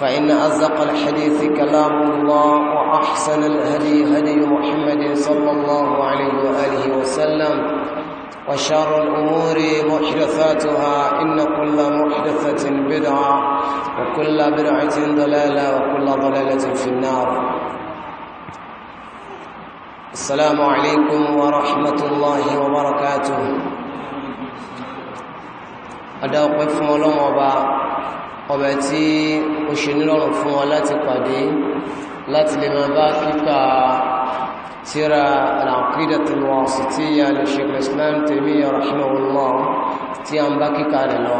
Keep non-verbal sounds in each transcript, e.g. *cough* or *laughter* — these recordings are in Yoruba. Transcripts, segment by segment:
فإن أصدق الحديث كلام الله وأحسن الهدي هدي محمد صلى الله عليه وآله وسلم وشر الأمور محدثاتها إن كل محدثة بدعة وكل بدعة ضلالة وكل ضلالة في النار السلام عليكم ورحمة الله وبركاته قف ملوم وبركاته ọba tí ó ṣe nílọ́rùn fún wa láti pàdé láti lè máa bá kíkà tíra al-Aqidatul Wasitiyya li Shaykh al-Islam Taymiyyah rahimahullah tí a ń bá kíkà rẹ̀ lọ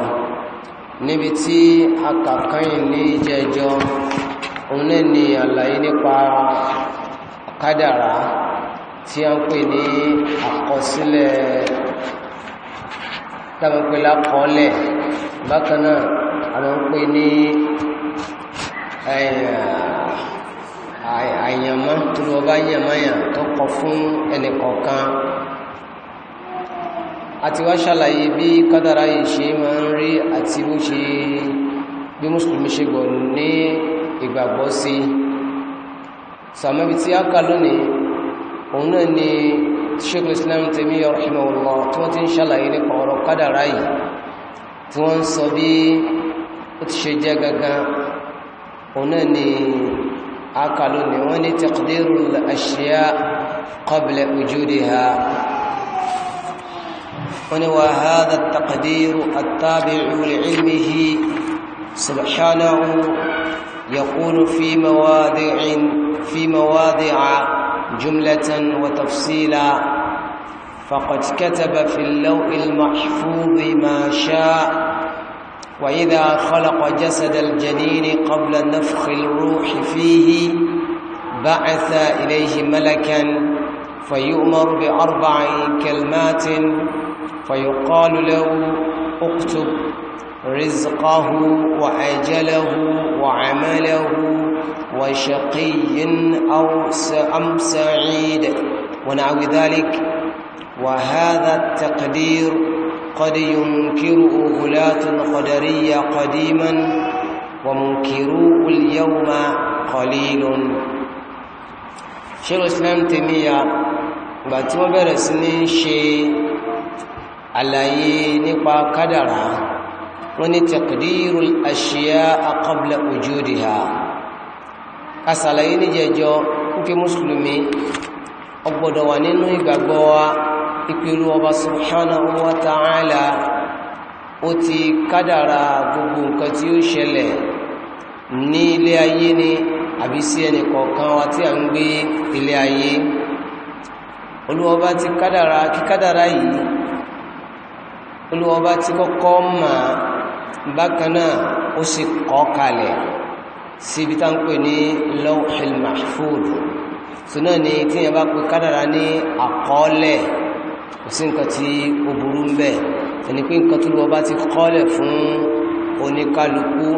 níbi tí a kàkányìn ní ìjẹjọ òun náà ni àlàyé nípa kádàrá tí a ń pè ní àkọsílẹ̀ tàbí pẹ̀lú àkọọ́lẹ̀ bákan náà a máa ń pè ní àyànmọ́ tó lọ bá yànmáyàn tó kọ fún ẹnìkọ̀ọ̀kan àti wá ṣàlàyé bí kádàrá yìí ṣe máa ń rí àti bó ṣe bí mùsùlùmí ṣe gbọ́ ní ìgbàgbọ́ sí sàmọ́bí tí a kà lónìí òun náà ni sheikh islam Taymiyya rahimahullah tí wọ́n ti ń ṣàlàyé nípa ọ̀rọ̀ kádàrá yìí tí wọ́n ń sọ bí وتشي جاكا ونني تقدير الأشياء قبل وجودها وهذا التقدير التابع لعلمه سبحانه يقول في مواضع في مواضع جملة وتفصيلا فقد كتب في اللوء المحفوظ ما شاء وإذا خلق جسد الجنين قبل نفخ الروح فيه بعث إليه ملكا فيؤمر بأربع كلمات فيقال له اكتب رزقه وأجله وعمله وشقي أو أم سعيد ونعوذ ذلك وهذا التقدير قد ينكره غلاة قدرية قديما ومنكروه اليوم قليل شيخ الإسلام تيمية ìgbà tí wọ́n bẹ̀rẹ̀ sí ní ṣe àlàyé nípa kádàrá wọ́n ní taqdirul ashiya'a qabla wujudiha a ṣàlàyé níjẹjọ́ wípé mùsùlùmí ó gbọ́dọ̀ wà nínú ìgbàgbọ́ wa ìpinnu ọba subhanahu wa ta'ala ó ti kádàrà gbogbo nǹkan tí ó ṣẹlẹ̀ ní ilé ayé ni àbí sí ẹnì kọ̀ọ̀kan wa tí a ń gbé ilé ayé olúwọba ti kádàrà kí kádàrà yìí olúwọba ti kọ́kọ́ mà bákan náà ó sì kọ́ kalẹ̀ síbi tá ń pè ní lawhil mahfud sùnà ni tí yẹn bá pe kádàrà ní àkọọ́lẹ̀ kò sí nǹkan tí ó burú ń bẹ ẹni pé nǹkan tó lọ bá ti kọ́lẹ̀ fún oníkálukú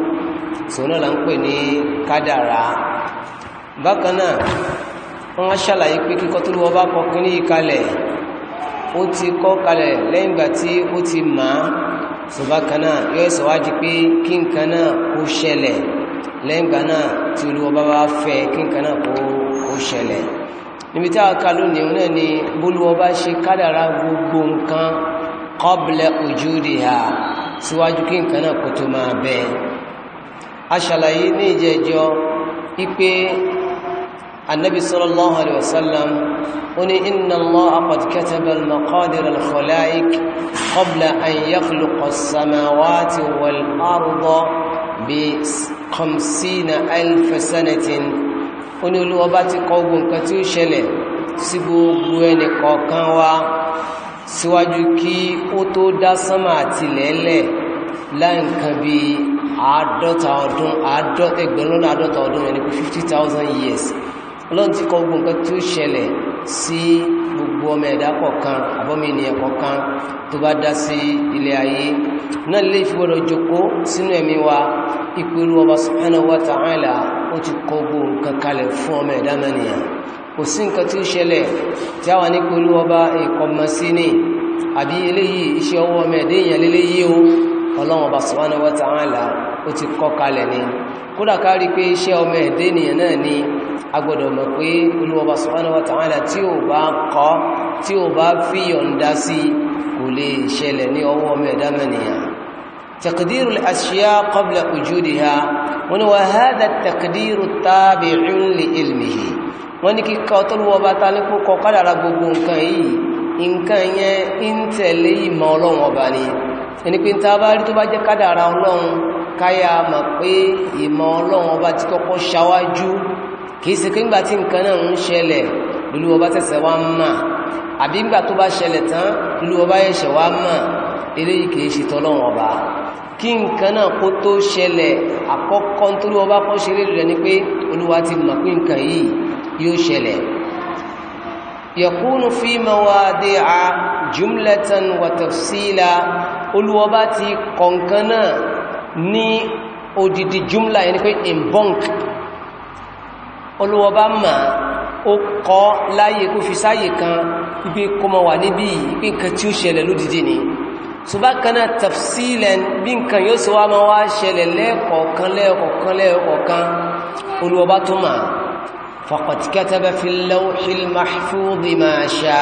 sòun náà là ń pè ní kádàrá bákan náà wọ́n á ṣàlàyé pé kíkọ́ tó lọ bá kọ kíní ìkalẹ̀ ó ti kọ́ kalẹ̀ lẹ́yìn ìgbà tí ó ti mà á ṣùgbọ́n kan náà yóò sọ wájú pé kí nǹkan náà kó ṣẹlẹ̀ lẹ́yìn ìgbà náà tí olúwọ́ bá bá fẹ́ kí nǹkan náà kó ṣẹlẹ̀ níbi tí a ká lónìí òun náà ni bólúwọ́ bá ṣe kádàrá gbogbo nǹkan qabla wujudiha síwájú kí nǹkan náà kò tó máa bẹ a ní ìjẹjọ wípé النبي صلى الله عليه وسلم قل إن الله قد كتب المقادر الخلائق قبل أن يخلق السماوات والأرض بخمسين ألف سنة ó ní olúwa bá ti kọ ogun nǹkan tí ó ṣẹlẹ̀ sí gbogbo ẹnì kọ̀ọ̀kan wa síwájú kí ó tó dá sánmà àti lẹ́lẹ̀ láì nǹkan bí àádọ́ta ọdún ẹgbẹ̀rún lọ́nà àádọ́ta ọdún ẹni pé fifty years ọlọ́run ti kọ ogun nǹkan tí ó ṣẹlẹ̀ sí gbogbo ọmọ ẹ̀dá kọ̀ọ̀kan àbọ́mọ ènìyàn kọ̀ọ̀kan tó bá dá sí ilé ayé náà lè fi gbọ́dọ̀ jókòó sínú ẹ̀mí wa ìpẹ̀rù ọba subhanahu wa ta'ala ó ti kọ gbogbo nǹkan kalẹ̀ fún ọmọ ẹ̀dá mẹ́nìyàn kò sí nǹkan tí ó ṣẹlẹ̀ tí àwọn ní pẹ̀lú ọba ìkọmọsí ní àbí eléyìí iṣẹ́ ọwọ́ ọmọ ẹ̀dá èèyàn o ọlọ́wọ́n bá subhanahu wa ta'ala ó ti kọ kalẹ̀ ni kódà ká rí pé iṣẹ́ ọmọ ẹ̀dá ènìyàn náà ni a gbọ́dọ̀ mọ̀ pé olúwọba subhanahu wa ta'ala tí ò bá kọ́ tí ò تقدير الأشياء قبل وجودها وهذا التقدير التابع لعلمه wọ́n ní kíkọ́ tó lọ́wọ́ bá ta ní púpọ̀ kádàrà gbogbo nǹkan yìí nǹkan yẹn ń tẹ̀lé ìmọ̀ ọlọ́run ọba ni ẹni pé ta bá rí tó bá jẹ́ kádàrà ọlọ́run káyà mọ̀ pé ìmọ̀ ọlọ́run ọba ti kọ́kọ́ ṣáwájú kìí ṣe pé ńgbà tí nǹkan náà ń ṣẹlẹ̀ lólu ọba tẹ̀sẹ̀ wá mà àbí ńgbà tó bá ṣẹlẹ̀ tán lólu ọba yẹ̀ṣẹ̀ wá mà eléyìí kìí ṣe tọ́lọ́run ọba kí nǹkan náà kó tó ṣẹlẹ̀ àkọ́kọ́ tó ló bá kọ́ ṣe lérò rẹ̀ ni pé olúwa ti mọ̀ pé nǹkan yìí yóò ṣẹlẹ̀ yakunu fi mawadi'a jumlatan wa tafsila olúwa bá ti kọ nǹkan náà ní odidi jumla yẹn ni pé in olúwa bá ó kọ́ láyé kó fi sáyè kan ibi kọmọ wà níbí ìpínkà tí ó ṣẹlẹ̀ lódidi ni subakana tafsilan bí nǹkan yóò sì wá máa wá ṣẹlẹ̀ lẹ́ẹ̀kọ̀ọ̀kan lẹ́ẹ̀kọ̀ọ̀kan lẹ́ẹ̀kọ̀ọ̀kan olùwọba tó máa faqad kataba fil lawhil mahfuz ma sha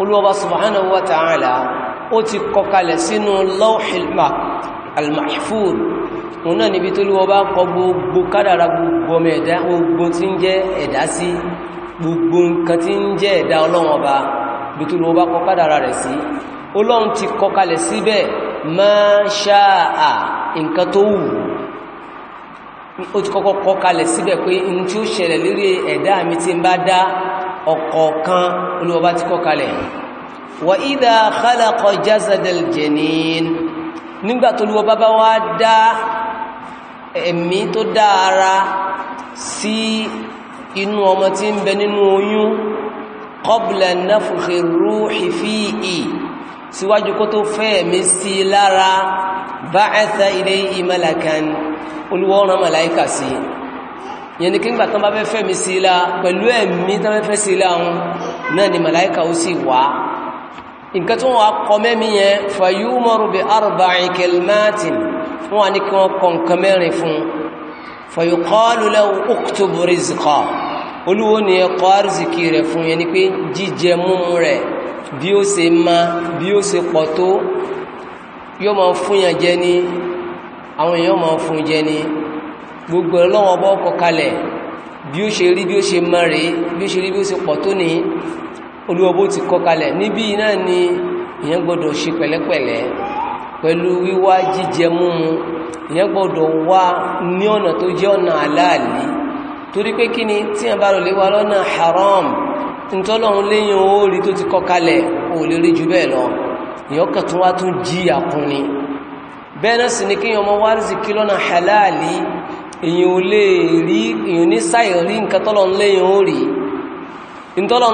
olùwọba subhanahu wa ta'ala ó ti kọ kalẹ̀ sínú lawhil mahfuz òun náà níbi tó lúwọ́ bá kọ gbogbo kádàrà gbogbo ọmọ ẹ̀dá gbogbo tí ń jẹ́ ẹ̀dá sí gbogbo nǹkan tí ń jẹ́ ẹ̀dá ọlọ́wọ́n ọba bí tó lúwọ́ bá kọ Ọlọ́run ti kọ kalẹ̀ síbẹ̀ máṣáà nǹkan tó wù ó ti kọ́kọ́ kọ kalẹ̀ síbẹ̀ pé n tí ó ṣẹlẹ̀ lérí ẹ̀dá mi ti ń bá dá ọ̀kọ̀ọ̀kan olúwọba ti kọ kalẹ̀ wa idha khalaqa jazadal janin nígbà tó olúwọba bá wá dá ẹ̀mí tó dá sí inú ọmọ tí ń bẹ nínú oyún qabla nafkhir ruhi síwájú kó tó fẹ́ ẹ̀mí sí lára ba'atha ilayhi malakan olúwọ́ran màláíkà sí yẹn ni kígbà tán bá fẹ́ fẹ́mí sí lá pẹ̀lú ẹ̀mí tán fẹ́ sí lá hun náà ni màláíkà ó sì wá nǹkan tí wọ́n kọ mẹ́mí yẹn fayúmọ̀rù bí arba'i kelmatin wọ́n wá ní kí bí ó ṣe ma bí ó ṣe pọ̀ tó yóò máa fún yàn jẹ ní àwọn èèyàn máa fún jẹ ní gbogbo ọlọ́wọ́ bọ́ kọ kalẹ̀ bí ó ṣe rí bí ó ṣe ma rèé bí ó ṣe rí bí ó ṣe pọ̀ tó ní olúwọ́bó ti kọ kalẹ̀ níbí náà ni èèyàn gbọ́dọ̀ ṣe pẹ̀lẹ́pẹ̀lẹ́ pẹ̀lú wíwá jíjẹ múmu èèyàn gbọ́dọ̀ wá ní ọ̀nà tó jẹ́ ọ̀nà àláàlì torí pé kí ni tí a bá lò lé wa lọ́nà haram ntọ́lọ́run léyìn orí tó ti kọkalẹ̀ ò lè rí jù bẹ́ẹ̀ lọ ìyọ́kàn tó wá tún jí àkún ni bẹ́ẹ̀nà sì ní kíyàn ọmọ wárísì kí lọ́nà èyàn ò lè rí èyàn ní sáìrí nǹkan tọ́lọ́run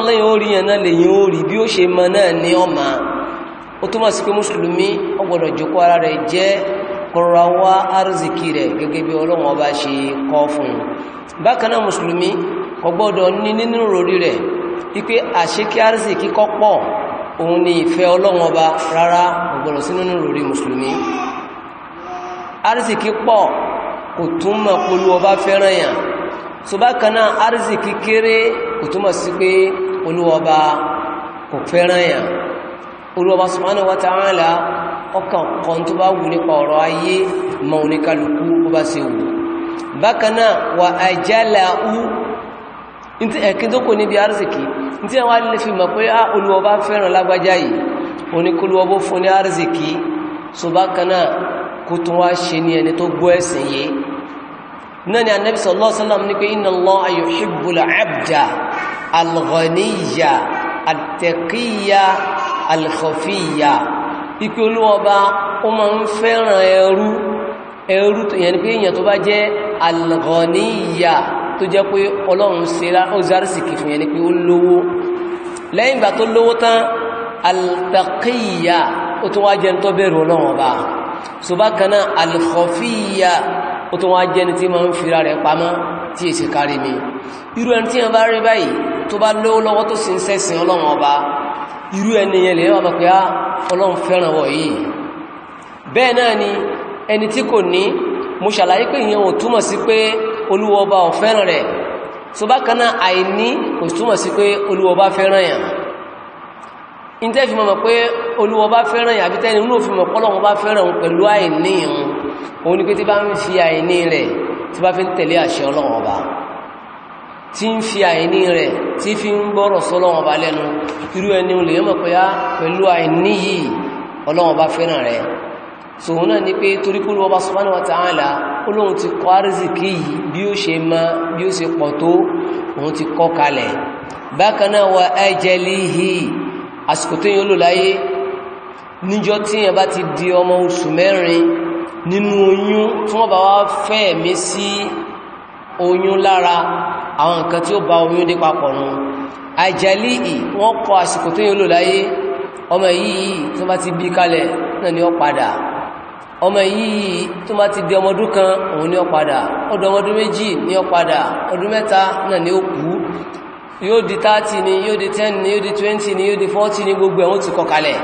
léyìn orí yẹn náà lèyìn orí bí ó ṣe mọ náà ní ọmọ ó wípé àṣekí àrísì kíkọ́ pọ̀ òun ni ìfẹ́ ọlọ́run ọba rárá ọ̀gbọ̀nà sínú lórí mùsùlùmí àrísì kípọ̀ kò túnmọ̀ polú ọba fẹ́ràn yàn so bákanáà àrísì kíkéré kò túnmọ̀ sí pé olú ọba kò fẹ́ràn yàn olú ọba subhanahu wa ọkàn kan tó bá wù nípa ọ̀rọ̀ ayé mọ́ oníkálukú ó bá wù bákanáà wà àjálà ntí ẹ̀kín tó kò níbi arziki ntí ẹwà lè fi mọ̀ pé á ah, olùwọba fẹ́ràn lágbájá yìí oníkúlùwọbó fún ní arziki so bákanáà kó tó wá ṣe ní ẹni tó gbọ́ ẹ̀sìn yìí náà ni anabi sallallahu alaihi wasallam ní pé inna Allaha yuhibbul abda al-ghaniyya at tó jẹ́ pé ọlọ́run ṣe lá ó zárísìkì fún yẹn ni pé ó lówó lẹ́yìn ìgbà tó lówó tán al-taqiyya ó tó wá jẹ́ tó bẹ̀rù ọlọ́run ọba so bákanáà al-khafiyya ó tó wá jẹ́ tí ma ń fira rẹ̀ pamọ́ tí èsì kárí mi irú ẹni tí yẹn bá rí báyìí tó bá lówó lọ́wọ́ tó sì ń sẹ́sìn ọlọ́run ọba irú ẹni olúwọba ọ̀fẹ́ràn rẹ̀ so bákaná àìní kò túmọ̀ sí pé olúwọba fẹ́ràn yàn in tẹ́ fi mọ̀ pé olúwọba fẹ́ràn yàn àbí tẹ́ni olúwọ fi mọ̀ pọ́lọ́wọ́ bá fẹ́ràn pẹ̀lú àìní ìhun òun ni pé tí bá ń fi àìní rẹ̀ tí bá fi ń tẹ̀lé àṣẹ ọlọ́wọ́ba tí ń fi àìní rẹ̀ tí fi ń ah, fẹ́ràn rẹ̀ sòun náà ni pé torí kúrò ọba subhanahu wa ta'ala olóhun ti kọ àrísìkí yìí bí ó ṣe ma bí ó ṣe pọ̀ tó òun ti kọ kalẹ̀ bákanáà wa ajalihi àsìkò tó yíò lò láyé níjọ́ tí yẹn bá ti di ọmọ oṣù mẹ́rin nínú oyún tí wọ́n bá wá fẹ́ ẹ̀mí sí oyún lára àwọn nǹkan tí ó bá oyún dé papọ̀ nù ajalihi wọ́n kọ àsìkò tó yíò lò ọmọ yìí tí wọ́n bá ti bí kalẹ̀ náà ni ó padà ọmọ yìí tó má ti di ọmọdún kan òun ní ó padà ọdún ọmọdún méjì ní ó ọdún mẹ́ta náà ní ó yóò di 30 ni yóò di 10 ni yóò di 20 ni yóò di 40 ni gbogbo ẹ̀wọ́n ti kọkalẹ̀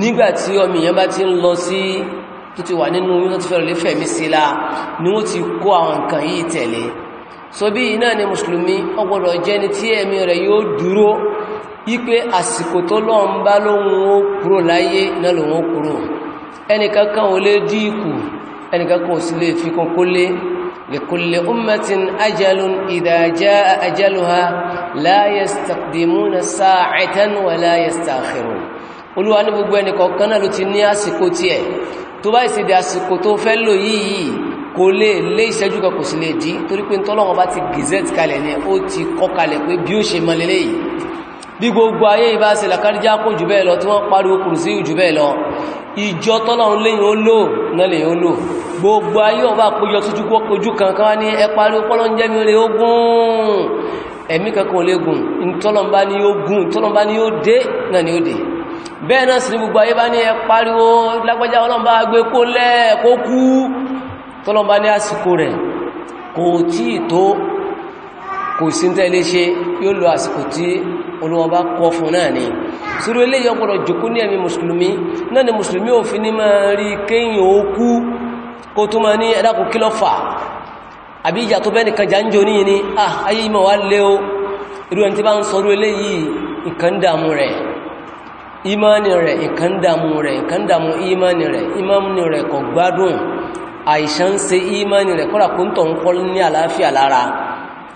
nígbàtí ọmọ ìyẹn bá ti ń lọ sí tó ti wà nínú yóò ti fẹ́rẹ̀ lè fẹ̀mí sí la ni wọ́n ti kó àwọn nǹkan yìí tẹ̀lé ni mùsùlùmí ó gbọ́dọ̀ jẹ́ ni tí ẹ̀mí rẹ̀ yóò dúró wípé àsìkò tó lọ́n bá lóhun ó kúrò láyé ẹnìkankan ò lè dí ikù ẹnìkankan ò sì lè fi kún kólé lèkùnlé ummatin ajalun ìdájá ajaluha la yastaqdimuna sa'atan wa la yastakhirun olúwa ní gbogbo ẹnìkọ̀ọ̀kan náà ló ti ní àsìkò tiẹ̀ tó bá ìsìdí àsìkò tó fẹ́ lò yìí kò lè lé ìṣẹ́jú kan kò sì lè dí torí pé tọ́lọ́wọ́n bá ti gazette kalẹ̀ ní ó ti kọ́ kalẹ̀ pé bí ó ṣe mọ lélẹ̀ yìí bí gbogbo ayé ìbá ṣe làkàríjá jù bẹ́ẹ̀ lọ tí wọ́n pariwo kùrù sí jù bẹ́ẹ̀ lọ ìjọ tọ́lọ́run lẹ́yìn olóò nẹ́lẹ̀ olóò gbogbo ayé ọba àpójọ tó jùkọ́ ojú kankan wá ní ẹparí ọpọlọ ń jẹ́mi olè ogun ẹ̀mí kankan olè gùn tọ́lọ́mbá ní ogun tọ́lọ́mbá ní ó dé náà ni ó dé bẹ́ẹ̀ náà sì ní gbogbo ayé bá ní ẹparí kò sí tẹ́lé ṣe yóò lo àsìkò tí olùwọ́bá kọ fún náà ni sórí ilé yọpọ̀lọ̀ jùkú ní ẹ̀mí mùsùlùmí náà ni mùsùlùmí ò fi ní máa rí kéyìn òkú kó tó máa ní ẹ̀dàkù kílọ́fà àbí ìjà tó bẹ́nìkan jà ń jò ní ní ayé ìmọ̀ wá lé o irú ẹni tí bá ń sọrú ilé yìí nǹkan dàmú rẹ̀ ìmánì rẹ̀ nǹkan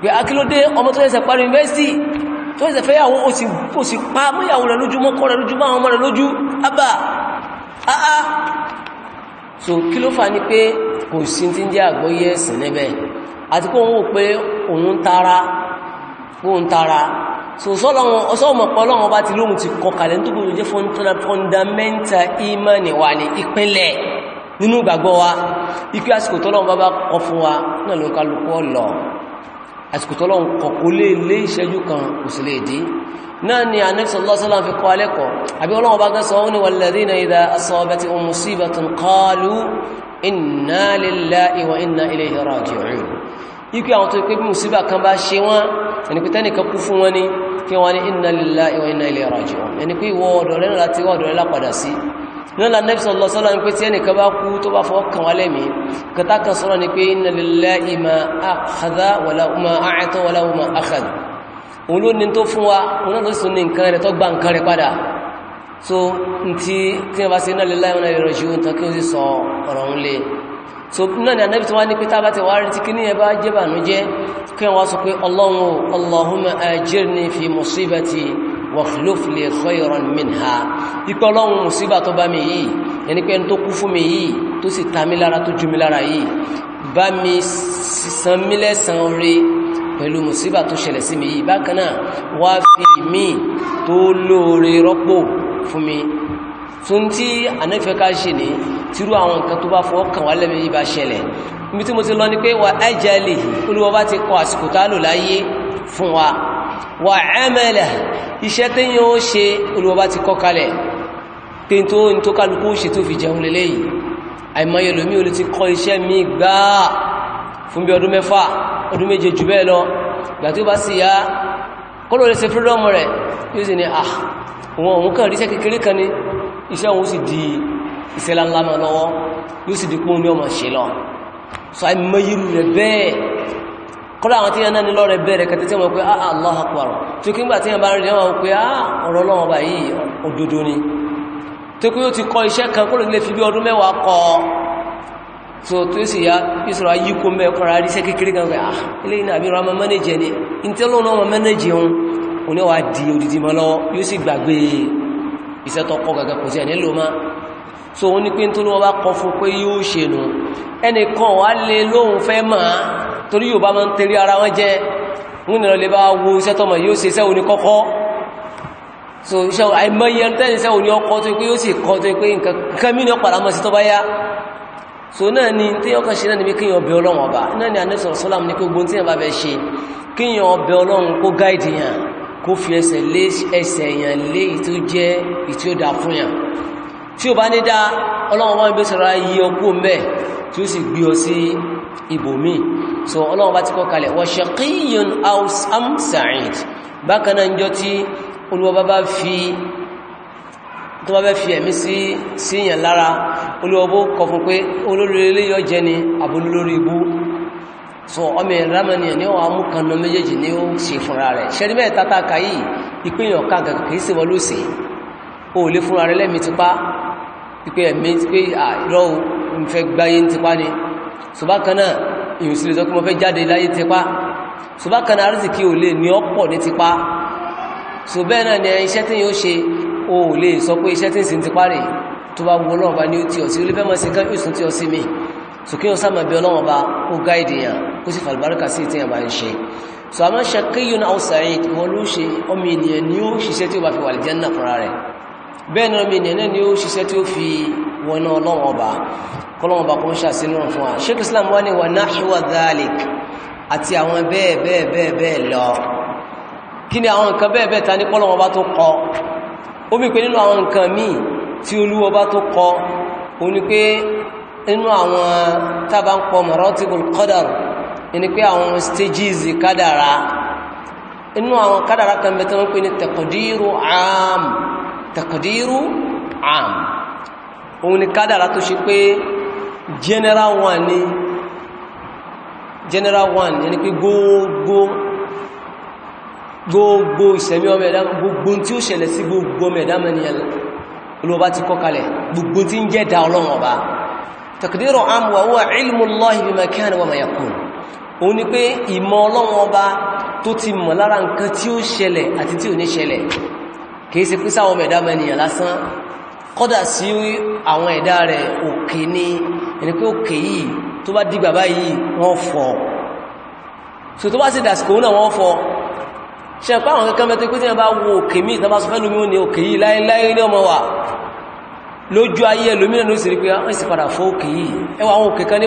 pé akílódé ah, ọmọ tó ẹsẹ̀ parí yunifásitì tó ẹsẹ̀ fẹ́ yàwó ó sì pa mọ́yàwó rẹ̀ lójú mọ́kọ́ rẹ̀ lójú máa ọmọ rẹ̀ lójú abà áá ah, ah. so kí ló fà ní pé kò sí ti ń jẹ́ àgbọ́yé ẹ̀sìn níbẹ̀ àti kó òun pé òun tara òun tara so sọ́ọ̀mọ̀ pọ̀ lọ́wọ́ bá ti lóhun ti kọkàlẹ̀ imani wa ikú àsìkò tọ́lọ́wọ́ bá kọ fún wa náà ló kálukú ọ̀lọ́ àsìkò tó lọ́n kọ̀kó lé lé ìṣẹ́jú kan òsìlè dí náà ni Ànábì sallallahu alaihi wasallam fi kọ́ alẹ́kọ̀ àbí Ọlọ́hun bá gán sọ wọ́n ni walladhina idha asabatuhum musibatun qalu inna lillahi wa inna ilayhi raji'un nílá nẹ́bí sọ̀lọ́ sọ́lọ́ ní pé tí ẹnìkan bá kú tó bá fọwọ́ kàn wá lẹ́mí kàtà kan sọ́rọ̀ ní pé inna lillahi ma akhadha wala ma a'ata wala ma akhadha òun ló ní tó fún so náà ni anábì wá ní pé tábà ti wá rí tí kíní ẹbá jẹ́ kí wọ́n wá sọ pé Allahumma ajirni fi musibati wakhluf li khayran minha ipẹ́ ọlọ́run mùsíbà tó bá mi yìí ẹni pé ẹni tó kú fún mi yìí tó sì ta mí lára tó ju mi lára yìí bá mi san mí lẹ́san rí pẹ̀lú mùsíbà tó ṣẹlẹ̀ sí mi yìí bákan náà wá fi mí tó lóore rọ́pò fún mi wa wà iṣẹ́ téèyàn ó ṣe Olúwa bá ti kọ kalẹ̀ pé tó ń tó kálukú ṣe tó fi jẹun lélẹ̀ yìí àìmọye lómi olè ti kọ iṣẹ́ mi gbáà fún bí ọdún mẹ́fà ọdún méje jù bẹ́ẹ̀ lọ gbà tó bá sì yá kọ́lọ̀ ah òun òun kàn ríṣẹ́ kékeré kan di ìṣẹ́lá ńlá mọ́ lọ́wọ́ yóò so àìmọye rẹ̀ bẹ́ẹ̀ kọ́lá àwọn tí yẹn náà ní lọ́rẹ̀ bẹ̀rẹ̀ kẹta tí wọ́n pé ah, ah Allahu Akbar tó kí ń gbà tí yẹn bá rí ah, ọ̀rọ̀ lọ́wọ́ bá yìí ni tó kí ó ti kọ́ iṣẹ́ kan kó lè fi bí ọdún mẹ́wàá so tó sì ya ìṣòro ayíkó mẹ́kọ́ra rí iṣẹ́ kékeré kan ah, pé ah ilé iná àbí rama torí yóò bá máa ń tẹ̀rí ara wọn jẹ́ wọn nìyàn lè bá wo iṣẹ́ tọmọ yóò ṣe iṣẹ́ òní kọ́kọ́ so iṣẹ́ àìmọye tẹ́lẹ̀ iṣẹ́ òní ọkọ́ tó pé yóò sì kọ́ tó pé nǹkan mí ní mọ́ sí tó so náà ni tí ọkàn ni kí yàn bẹ ọlọ́run ni anẹ́sọ̀ sọ́làm ní gbogbo tí yàn bá bẹ ṣe kí yàn bẹ ọlọ́run kó gáìdì yàn kó fi ẹsẹ̀ lé ẹsẹ̀ yàn lé ìtó jẹ́ ìtí ó dáa fún yàn tí ó bá ní dá ọlọ́run ọba ayé ọkú mẹ́ tí ó sì gbé ọ sí ibòmí so ọlọ́run bá ti kọ́ kalẹ̀ wa shaqiyyun aw am sa'id bákanáà ń jọ tí olúwa bá fi tó bá bẹ́ fi ẹ̀mí sí síyàn lára olúwa bó kọ fún pé olórílẹ̀ yọ jẹ́ ni àbúlórí ibú so ọmọ ìrámẹ́niyàn ní ọwọ́ amúkanná méjèèjì ní ó ṣe fúnra rẹ̀ ṣẹ́rí mẹ́ẹ̀ tata kàyí ìpínyàn káàkà kìí sí wọlú sí o lè fúnra rẹ̀ lẹ́mí tipá pípẹ́ ẹ̀mí pé àìrọ́ ìfẹ́ gbáyé tipá ni ṣùgbákaná ìrìnsìlẹ̀ tó kí mo fẹ́ jáde láyé tipa ṣùgbákaná àrísìkí ò lè ní ọ̀pọ̀ ní tipa ṣùgbẹ́ náà ni iṣẹ́ tí yóò ṣe o ò lè sọ pé iṣẹ́ tí ń sin tipa rẹ̀ tó bá gbọ́ ọlọ́run bá ní ó ti ọ̀sí olúfẹ́ mọ́ sí ká yóò sún tí ọ sí mi sùkí ó sàmà bí ọlọ́run bá ó gáìdì kọ́lọ́wọ́n bá kún ṣàṣínú fún wa sheikh islam wá ní wà náhíwá dhalik àti àwọn bẹ́ẹ̀ bẹ́ẹ̀ bẹ́ẹ̀ bẹ́ẹ̀ lọ kí ni àwọn nǹkan bẹ́ẹ̀ bẹ́ẹ̀ ta ní kọ́lọ́wọ́n bá tó kọ ó bí pé nínú àwọn nǹkan míì tí olúwa bá tó kọ ó ní pé nínú àwọn tábà ń pọ maratibul qadar ní pé àwọn stages kádàrá inú àwọn kádàrá kan bẹ̀ tó ń pè ní taqdiru am taqdiru am òun ni kádàrá tó ṣe pé general one ni general one yẹni pé gbogbo gbogbo ìṣẹ̀mí ọmọ ẹ̀dá gbogbo tí ó ṣẹlẹ̀ sí gbogbo ọmọ ẹ̀dá mẹ́niyàn olóòbá ti kọ́ kalẹ̀ gbogbo tí ń jẹ́ dá ọlọ́run ọba takdiru amu wa huwa ilmu Allahi bima kana wa ma yakun òun ni pé ìmọ̀ ọlọ́run ọba tó ti mọ̀ lára nǹkan tí ó ṣẹlẹ̀ àti tí ò ní ṣẹlẹ̀ kìí ṣe pín sáwọn ọmọ ẹ̀dá mẹ́niyàn lásán kọ́dà sí àwọn ẹ̀dá rẹ̀ òkè ní ẹni pé òkè yìí tó bá dìgbà báyìí wọ́n fọ́ so tó bá sì dàsìkò náà wọ́n fọ́ ṣe pá àwọn kankan mẹ́tọ́ ìpínlẹ̀ bá wo òkè mí ìtàbá sọ fẹ́lú mí ní òkè yìí láíláí ní ọmọ wà lójú ayé ẹlòmínà ló sì rí pé ah, wọ́n sì padà fọ́ òkè kan ní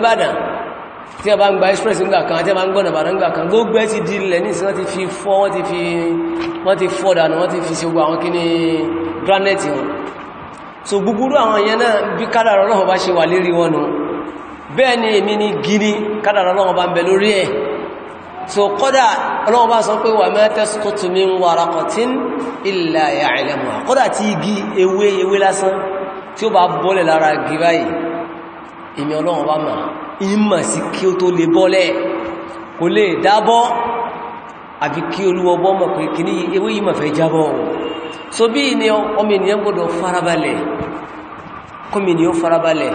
Ìbàdàn tí a express ńgbà kan àti a bá ń gbọ́nà kan gbogbo ẹ ti di ilẹ̀ ní ìsìn wọ́n ti fi fọ́ wọ́n ti fi fọ́ dànù wọ́n so gbogbo àwọn èèyàn náà bí kádàrà Ọlọ́run bá ṣe wà lérí wọn bẹ́ẹ̀ ni èmi ni gini kádàrà Ọlọ́run bá ń bẹ lórí ẹ̀ so kọ́dà Ọlọ́run bá sọ pé wa ma tasqutu min waraqatin illa ya'lamuha kọ́dà tí igi ewé ewé lásán tí ó bá bọ́lẹ̀ lára igi báyìí èmi Ọlọ́run bá mà ìmọ̀ sí kí àbí kí olúwọ́bọ́ mọ̀ pé kì ní ewé yìí mọ̀ fẹ́ jábọ̀ so bí ní ọmọ ènìyàn gbọ́dọ̀ farabalẹ̀ kọmọ ènìyàn farabalẹ̀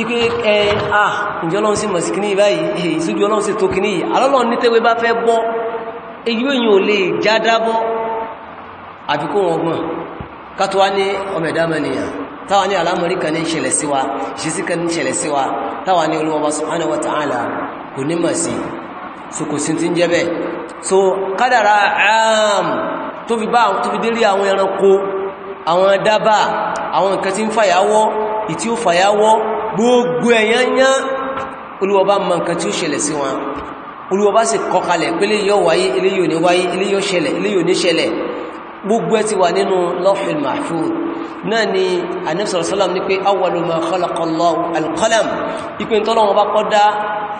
ike ẹ ah ìjọ lọ́n sí mọ̀ sí kìní báyìí ìsújú ọlọ́n sí tó kìní alọ́lọ́ ní tẹ́wé bá fẹ́ bọ́ eyú èyàn ò lè já dábọ́ àfi kó wọn gbọ́n kátó wá ní ọmọ ẹ̀dá mẹ́nìyàn táwa ní alámọ̀rí kan ní ìṣẹ̀lẹ̀ sí wa ìṣẹ́sí kan ní ìṣẹ̀lẹ̀ sí wa so kò sí ti ń jẹ́ bẹ́ẹ̀ so kádàrá am tó fi bá tó fi dérí àwọn ẹranko àwọn dábà àwọn nǹkan tí ń fàyàwọ́ ìtí ó fàyàwọ́ gbogbo ẹ̀yányá olúwọba mọ nǹkan tí ó ṣẹlẹ̀ sí wọn olúwọba sì kọkalẹ̀ pé lè yọ wáyé ilé yóò ní wáyé ilé yóò ṣẹlẹ̀ ilé yóò ní ṣẹlẹ̀ gbogbo ẹ ti wà nínú lawhul mahfuz náà ni Ànábì sallallahu ní pé awwalu ma khalaqa Allahu al-qalam bá kọ́ dá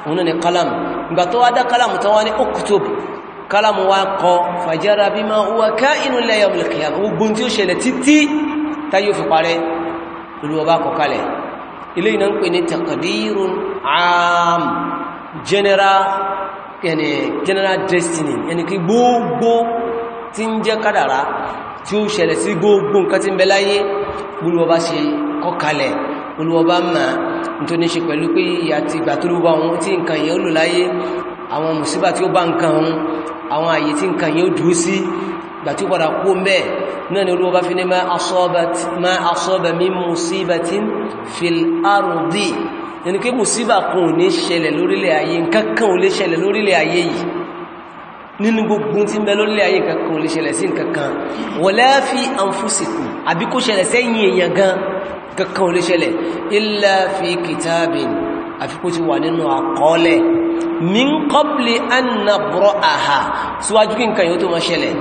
òun náà ni qalam ìgbà tó wá dá kálàmù tán wá ní oktob kálàmù wá kọ fàjára bí máa wá ká inú lẹ́yà olùkìyà gbogbo tí ó ṣẹlẹ̀ títí tá yóò fi parẹ́ olú ọba kọkalẹ̀ ilé iná ń pè ní takadirun am general yani general destiny yani kí gbogbo tí ń jẹ́ kádàrá tí ó ṣẹlẹ̀ sí gbogbo nǹkan tí ń bẹ láyé olú ọba ṣe kọkalẹ̀ olúwọba mà nítorí ṣe pẹ̀lú pé ìyà ti ìgbà tó lúwọba wọn tí nǹkan yẹn ó lò láyé àwọn mùsíbà tí ó bá nǹkan wọn àwọn àyè tí nǹkan yẹn ó dúró sí ìgbà tí ó padà kú mẹ́ náà ni olúwọba fi ní ma asaba min musibatin fil ardi ẹni pé mùsíbà kan ní ṣẹlẹ̀ lórílẹ̀ ayé nǹkan kan ò lè ṣẹlẹ̀ lórílẹ̀ ayé yìí nínú gbogbo tí mẹ́lọ lé ayé kankan lè ṣẹlẹ̀ sí nǹkankan wala fi anfusikum àbí kó ṣẹlẹ̀ sẹ́yìn èèyàn gan kankan lè ṣẹlẹ̀ illa fi kitabin àfi kó ti wà nínú àkọọ́lẹ̀ min qabli an nabra'aha síwájú kí nǹkan yóò tó máa ṣẹlẹ̀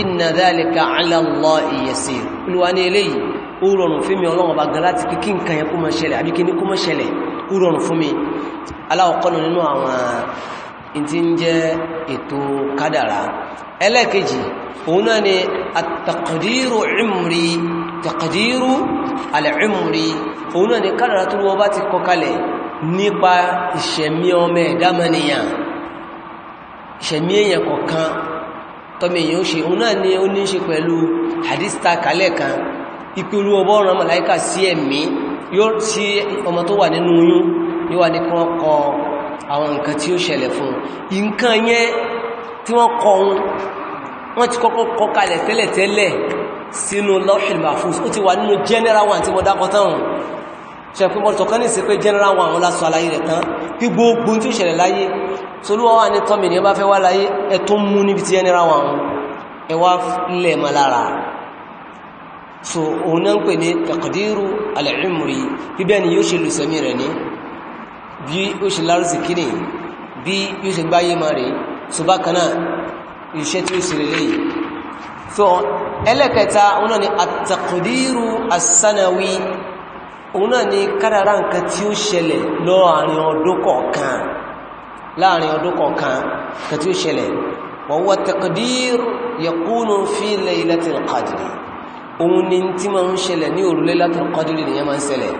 inna dhalika ala Allahi yasir olùwà ní eléyìí ó rọrùn fún mi ọlọ́run tí ń jẹ́ ètò kádàrá ẹlẹ́ẹ̀kejì òun náà ni àtàkàdírù ìmúrí tàkàdírù alẹ́ìmúrí òun náà ni kádàrá tó wọ́n bá ti kọkalẹ̀ nípa ìṣẹ̀mí ọmọ ẹ̀dámẹ́niyàn ìṣẹ̀mí èèyàn kọ̀kan tọ́mí èèyàn ó ṣe òun náà ni ó ní ṣe pẹ̀lú àwọn nǹkan tí ó ṣẹlẹ̀ fún nǹkan yẹn tí wọ́n kọ ohun wọ́n ti kọ́kọ́ kọ kalẹ̀ tẹ́lẹ̀tẹ́lẹ̀ sínú lawhil mo dákọ táwọn ṣe pé mọ́tò kan ní sí pé general one wọn lásọ aláyé rẹ̀ tán kí gbogbo tí ó ṣẹlẹ̀ láyé solúwọ́ wà ní tọ́mì so òun náà ń pè ní taqdiru al-umri bíbẹ́ ni yóò ṣe lùsẹ̀mí rẹ̀ ní bí ó ṣe lárúsì kíni bí yóò ṣe gbáyé ma rẹ̀ so bákanáà iṣẹ́ tí ó ṣe lè yìí so ẹlẹ́kẹta ọ̀nà ni àtàkùdírù àsánáwí ọ̀nà ni kádàrá nǹkan tí ó ṣẹlẹ̀ láàrin ọdún kọ̀ọ̀kan láàrin ọdún kọ̀ọ̀kan nǹkan tí ó ṣẹlẹ̀ wa huwa taqdir yakunu fi laylatil ni tí ma ń ṣẹlẹ̀ ní òrùlé látàkùdírù nìyẹn ma ń ṣẹlẹ̀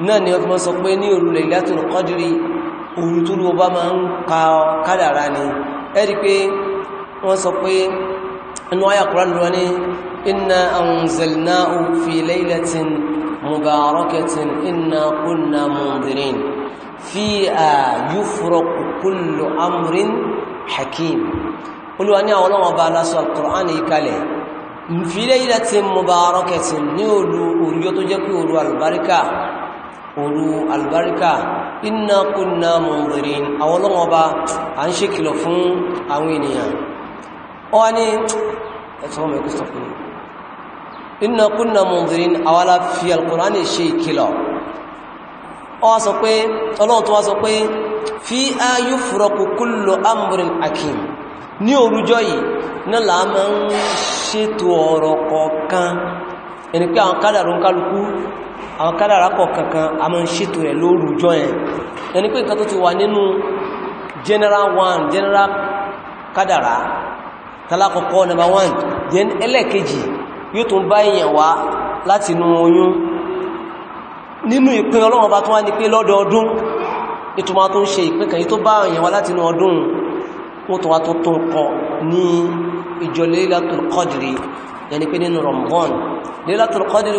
náà ni ọdún sọ pé ní òru Laylatul Qadri òru tó lọ bá máa ń ka kádàrá ni ẹ́rí pé wọ́n sọ pé inú ayà Qur'an lọ ní inna anzalnahu fi laylatin mubarakatin inna kunna mundirin fiha yufraqu kullu amrin hakim olúwa ní àwọn ọlọ́wọ́ bá lásọ Qur'an yìí kalẹ̀ fi laylatin ní òru tó jẹ́ pé òru àlùbáríkà òru albarika inna kunna munzirin àwọn ọlọ́wọ́ ọba à ń ṣe kìlọ̀ fún àwọn ènìyàn ọ wá ní ẹ̀sùn mẹ́kú sọ fún inna kunna munzirin àwọn aláfi alkùnránì ṣe ìkìlọ̀ ọ wá sọ pé ọlọ́wọ́ tó wá fi yufraqu kullu amrin hakim ní orújọ́ yìí náà là máa ń ṣètò ọ̀rọ̀ kọ̀ọ̀kan ẹni pé àwọn kádàrún kálukú àwọn kádàrá kọ̀ọ̀kankan a mọ́ ń ṣètò rẹ̀ lóru jọ yẹn ẹni pé nǹkan tó ti wà nínú general one general kádàrá tàlákọ̀ọ́kọ́ number one then ẹlẹ́ẹ̀kejì yóò tún bá èèyàn wá láti inú oyún nínú ìpín ọlọ́wọ́n bá tún wá ní pé lọ́dọọdún ìtumá tó ń ṣe ìpín kan yí tó bá èèyàn wá láti inú ọdún wọ́n tó wá tó tó kọ ní ìjọ Lailatul Qadri yẹni pé nínú Ramadan Lailatul Qadri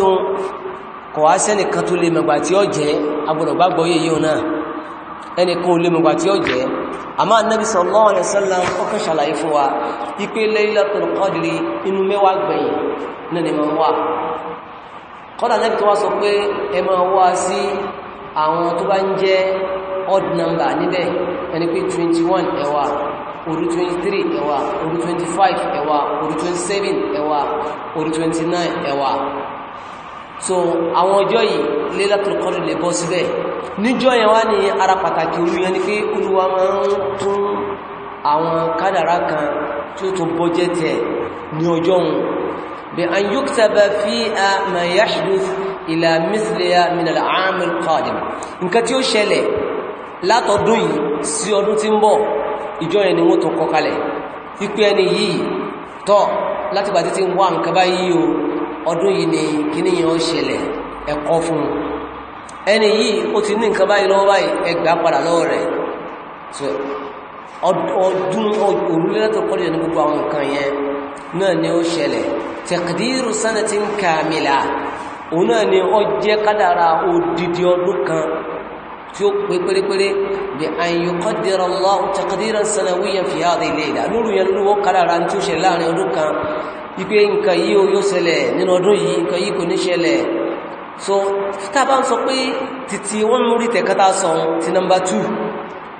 kọ̀wá sẹ́nìkan tó lè mọ̀gbà tí ó jẹ́ agbọ̀dọ̀ gbàgbọ́ yìí yíò náà ẹnìkan ò lè mọ̀gbà tí ó jẹ́ àmá Ànábì sallallahu alaihi wasallam ọkàn ṣàlàyé fún wa ipé Lailatul Qadri inú mẹ́wàá gbẹ̀yìn náà ni máa wà kọ́dà Ànábì tó wá sọ pé ẹ máa wá sí àwọn tó bá ń jẹ́ odd number níbẹ̀ ẹni 23 ẹwà orí 25 ẹwà orí 27 ẹwà orí 29 ẹwà so àwọn ọjọ́ yìí Lailatul Qadr lè bọ́ síbẹ̀ níjọ́ yẹn wá ní ara pàtàkì olú yẹn ni pé olúwa máa ń tún àwọn kádàrá kan tí ó tún bọ́jẹ́ tẹ̀ ní ọjọ́ òun bí an yuktaba fiha ma yahduth ila mithliha min al-aam al-qadim nǹkan tí ó ṣẹlẹ̀ látọdún yìí sí ọdún tí ń bọ̀ ìjọ yẹn ni wọ́n tún kọ kalẹ̀ wípé ẹni yìí tọ́ láti bàtí ń wá nǹkan báyìí o ọdún yìí ni kíní yẹn ó ṣẹlẹ̀ ẹ̀kọ́ fún ẹni yìí ó ti ní nǹkan báyìí lọ́wọ́ báyìí ẹgbàá padà lọ́wọ́ rẹ̀ so ọdún òrùlẹ́lẹ́tọ̀ kọ́ lè ní gbogbo àwọn nǹkan yẹn náà ni ó ṣẹlẹ̀ tẹ̀kìdírù sanatin kamila òun náà ni ó jẹ́ kádàrà odidi ọdún kan tí ó pé pérépéré bí àyùn kọ́dìrọ̀ lọ́wọ́ tẹ̀kìdírù sanawiyan fi hàdí layla lóru yẹn lówó kádàrà tí ó ṣẹlẹ̀ láàrin ọdún kan ipe nǹkan yìí o yóò ṣẹlẹ̀ nínú ọdún yìí nǹkan yìí kò ní ṣẹlẹ̀ so tá a bá ń sọ pé títí wọ́n mú rí tẹ̀kátà sọ ti nọmba 2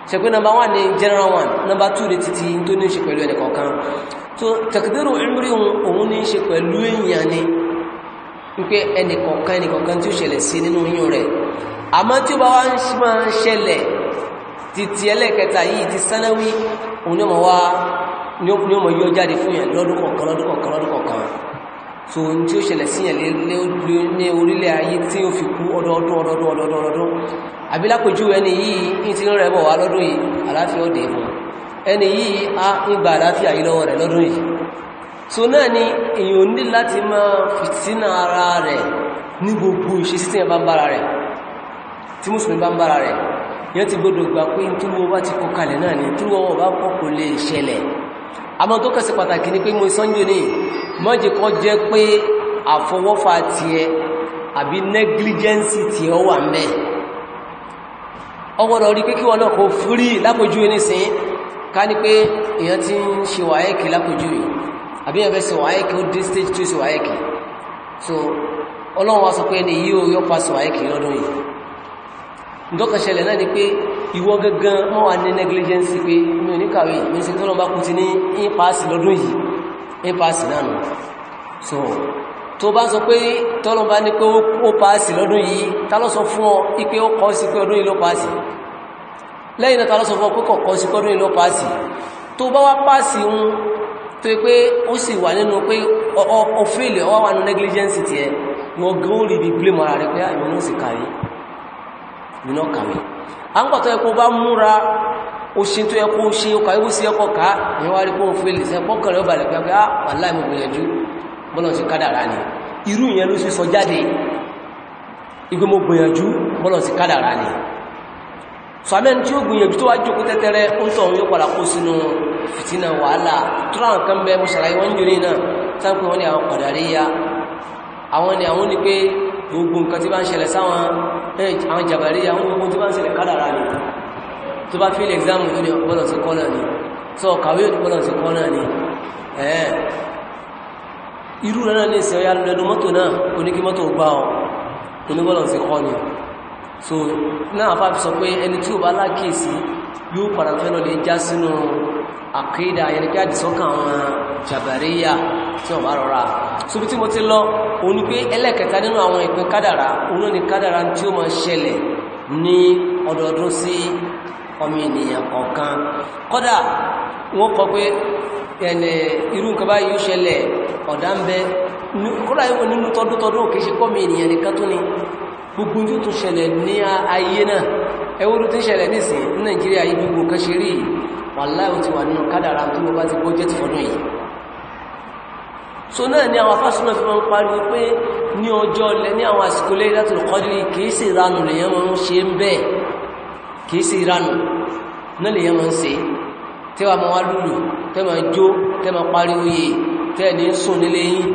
ṣe pé nọmba 1 ni general 1 nọmba 2 ni títí tó ní ṣe pẹ̀lú ẹnìkọ̀ọ̀kan so tẹ̀kídẹ́rù ìmúrí òun ní ṣe pẹ̀lú èèyàn ni wípé ẹnìkọ̀ọ̀kan ẹnìkọ̀ọ̀kan tí ó ṣẹlẹ̀ sí nínú yín rẹ̀ àmọ́ tí ó bá wá ń máa ń ni ó mọ̀ yíó jáde fún yẹn lọ́dún kọ̀ọ̀kan lọ́dún kọ̀ọ̀kan lọ́dún kọ̀ọ̀kan so n tí ó ṣẹlẹ̀ sí yẹn ní orílẹ̀ ayé tí ó fi kú ọdọọdún ọdọọdún ọdọọdún ọdọọdún àbílápòjú ẹni yìí ní ti rẹ̀ bọ̀ wá lọ́dún yìí àláfíà ó dé fún ẹni yìí á ń gba àláfíà yìí lọ́wọ́ rẹ̀ lọ́dún yìí so náà ni èèyàn ní láti máa fìtínà ara rẹ̀ ní gbogbo ìṣesí tí yẹn bá ń bára rẹ̀ tí mùsùlùmí bá ń bára rẹ̀ yẹn ti gbọdọ̀ gbà pé tí wọ́n bá ti kọ náà ni tí bá kọ́ kò lè ṣẹlẹ̀ àmọ́ tó kẹsì pàtàkì ní pé mo sánjú ní mọ́jẹ kọ́ jẹ́ pé àfọwọ́fà ti ẹ àbí negligence ti ọ wà mẹ́ ọgbọ́dọ̀ rí pé kí wọn náà kò fúrí lápójú nísìn ká ní pé èyàn ti ń ṣe wáyẹ́kì lápójú yìí àbí so ọlọ́run wa sọ pé ẹni yìí ó yọ́pa ṣe wáyẹ́kì ìwọ gangan wọ́n wà ní negligence pé mi ò ní kàwé mi sí tọ́lọ́mbá kú ti ní impasse lọ́dún yìí impasse náà nù so tó bá sọ pé tọ́lọ́mbá ní pé ó paasi lọ́dún yìí ta ló sọ fún ọ ipé ó kọ́ sí pé ọdún yìí ló paasi lẹ́yìn náà ta ló sọ fún ọ pé kọ̀kọ́ sí pé ọdún yìí ló paasi tó bá wá paasi ah, ń à ń pàtó ẹkọ bá múra oṣin tó ẹkọ ṣe ọkà ewu sí ẹkọ ká ìyẹn wá rí pé òun fi lè sẹ pọkàn rẹ balẹ̀ pé ah mo gbìyànjú bọ́lọ̀ sí kádàrá ni irú ìyẹn ló sì sọ jáde ìgbé mo gbìyànjú bọ́lọ̀ sí kádàrá ni sọ́mẹ́ni tí ó gbìyànjú tó wá jókòó tẹ́tẹ́rẹ́ ó ń tọ̀hún yóò padà kó sínú fìtínà wàhálà tó kan bẹ́ẹ̀ mo ṣàlàyé wọ́n ń jòrí náà sáà pé wọ́n ní àwọn Qadariyya àwọn ni àwọn ní pé gbogbo nǹkan tí bá ń ṣẹlẹ̀ sáwọn eh, àwọn jàbàrí àwọn gbogbo tí bá ń ṣẹlẹ̀ kádàrà ni tó bá fílẹ̀ exam lórí ọ̀pọ̀lọ̀ sí kọ́nà ni tó kàwé ọ̀pọ̀lọ̀ sí kọ́nà ni ẹ̀ẹ́ eh. irú rẹ̀ náà ní ìsẹ̀ ọ̀yá lẹ́nu mọ́tò náà oníkí mọ́tò gbá ọ onígbọ́lọ̀ sí kọ́ ni so náà fà sọ pé ẹni tí ò bá lákèsí yóò padà fẹ́ lọ lè já sínú àkídà yẹnikẹ́ àdìsọ́kàn àwọn jàbàríyà tí wọ́n bá rọra tóbi tí mo ti lọ òun ni pé ẹlẹ́kẹta nínú àwọn ìpín kádàrá òun ni kádàrá tí ó máa ṣẹlẹ̀ ní ọdọọdún sí ọmọ ènìyàn kọ̀ọ̀kan kọ́dà wọ́n kọ pé ẹ̀nẹ̀ irú nǹkan báyìí ó ṣẹlẹ̀ ọ̀dá ń bẹ kọ́dà yóò nínú tọdúntọdún kì ṣe pọ́mọ ènìyàn nìkan tó ni gbogbo ojú tó ṣẹlẹ̀ ní ayé náà ẹwọ́n tó ṣẹlẹ̀ nísìn ní Nàìjíríà yìí gbogbo kan ṣe rí yìí wàláì ó ti wà nínú kádàrà tó wọ́n bá ti bọ́jẹ́tì fọ́nà yìí so náà ni àwọn afásúnà fi máa ń pariwo pé ní ọjọ́ ọlẹ́ ní àwọn àsìkò Laylatul Qadri kìí sì ìranù lèyàn máa ń ṣe ń bẹ́ẹ̀ kìí sì ìranù náà lèyàn máa ń ṣe tẹ́wà máa wá lùlù tẹ́ máa jó tẹ́ máa pariwo yìí tẹ́ ní sùn nílé yín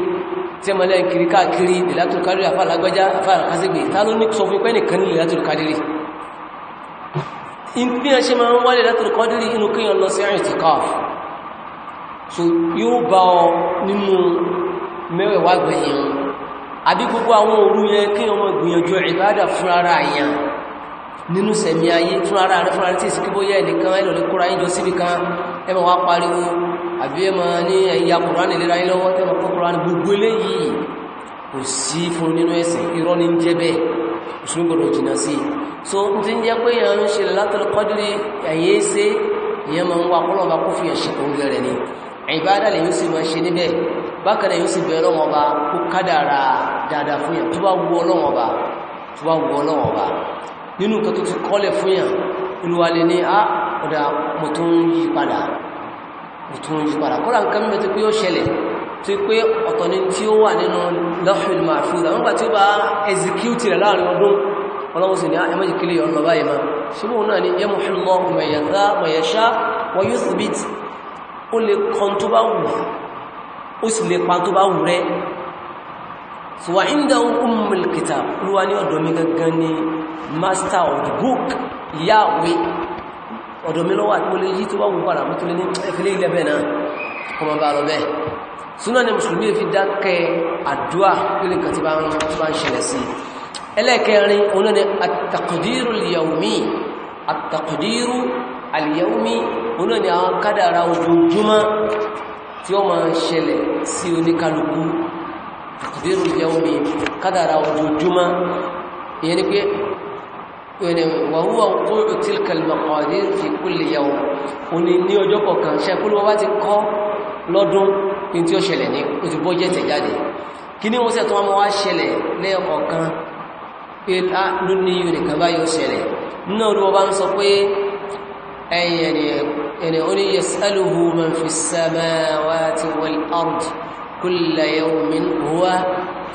tẹ́ máa lẹ́yìn kiri káàkiri bí a ṣe máa ń wálẹ̀ látòrò kọ́dìrí inú kíyàn lọ sí i'tikaf so yóò bá ọ nínú mẹ́wẹ̀wà gbẹ̀yìn àbí gbogbo àwọn òru yẹn kíyàn mọ̀ gbìyànjú ìbádà fún ara àyàn nínú sẹ̀mí ayé fún ara rẹ̀ fún ara tí ìsìnkú bóyá ẹnìkan ẹlòlẹ́ kóra yíjọ síbi kan ẹ máa wá pariwo àbí ẹ ní ẹ̀yà kùránì lera yín lọ́wọ́ tẹ́ máa gbogbo eléyìí kò sí fún nínú ẹ̀sìn irọ́ ní jẹ́ bẹ́ẹ̀ mùsùlùmí gbọdọ̀ jìnà sí so n ti ń jẹ́ pé èèyàn ń ṣe látọ̀lù kọ́dìrì ẹ̀yẹ́ ṣe ìyẹn máa ń wá kọ́lọ̀ bá kó fi hàn ṣèkò ń ni ìbáadà lè yóò sì máa ṣe níbẹ̀ bákan náà yóò sì bẹ̀rẹ̀ ọlọ́wọ́n ọba kó kádàrà dáadáa fún yàn tó bá wu ọlọ́wọ́n ọba tó bá wu ọlọ́wọ́n ọba nínú nǹkan tó ti kọ́lẹ̀ fún yàn tó pé ọ̀tọ̀ ni tí ó wà nínú lọ́hùn mahfuz àwọn gbà tí ó bá execute rẹ̀ láàrin ọdún ọlọ́wọ́ sí ni a ẹmọ́ ìkílẹ̀ ọ̀nà báyìí ma ṣígbọ́n náà ni yẹmùhìnlọ́ mẹ̀yẹ̀dá mẹ̀yẹ̀ṣá wọ́n yóò sì bít ó lè kan tó bá wù ó sì lè pa tó bá wù rẹ̀ wa lọ́wọ́ àti mo lè tó bá wù padà ní ẹ̀fẹ́lẹ́ ilẹ̀ bẹ́ẹ̀ náà kọmọ bá lọ bẹ́ẹ̀ súnà ni mùsùlùmí fi dákẹ́ àdúà lórí nǹkan tí bá ń ṣẹlẹ̀ sí ẹlẹ́ẹ̀kẹrin òun náà ni àtàkùdírù al-yawmi àtàkùdírù al-yawmi òun náà ni àwọn kádàrà ojoojúmọ́ tí ó máa ń ṣẹlẹ̀ sí oníkálukú àtàkùdírù al kádàrà ojoojúmọ́ ní tí ó ṣẹlẹ̀ ní ó ti bọ́jẹ̀tẹ̀ jáde kí ní wọ́n sẹ́ tó wọ́n mọ́ wá ṣẹlẹ̀ lẹ́ọ̀kọ̀ọ̀kan pé ah, ló ní yóò nìkan bá yóò ṣẹlẹ̀ nínú olúwọ́ bá ń sọ pé ẹ̀yìn ẹni oní yasaluhu man fi samawati wal ard kulla yawmin huwa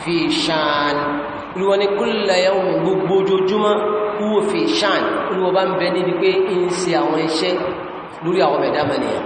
fi shan olúwọ́ ní kulla yawmin gbogbo huwa fi shan olúwọ́ bá ń bẹ níbi pé ń ṣe àwọn iṣẹ́ lórí àwọn mẹ̀dámẹ́nìyàn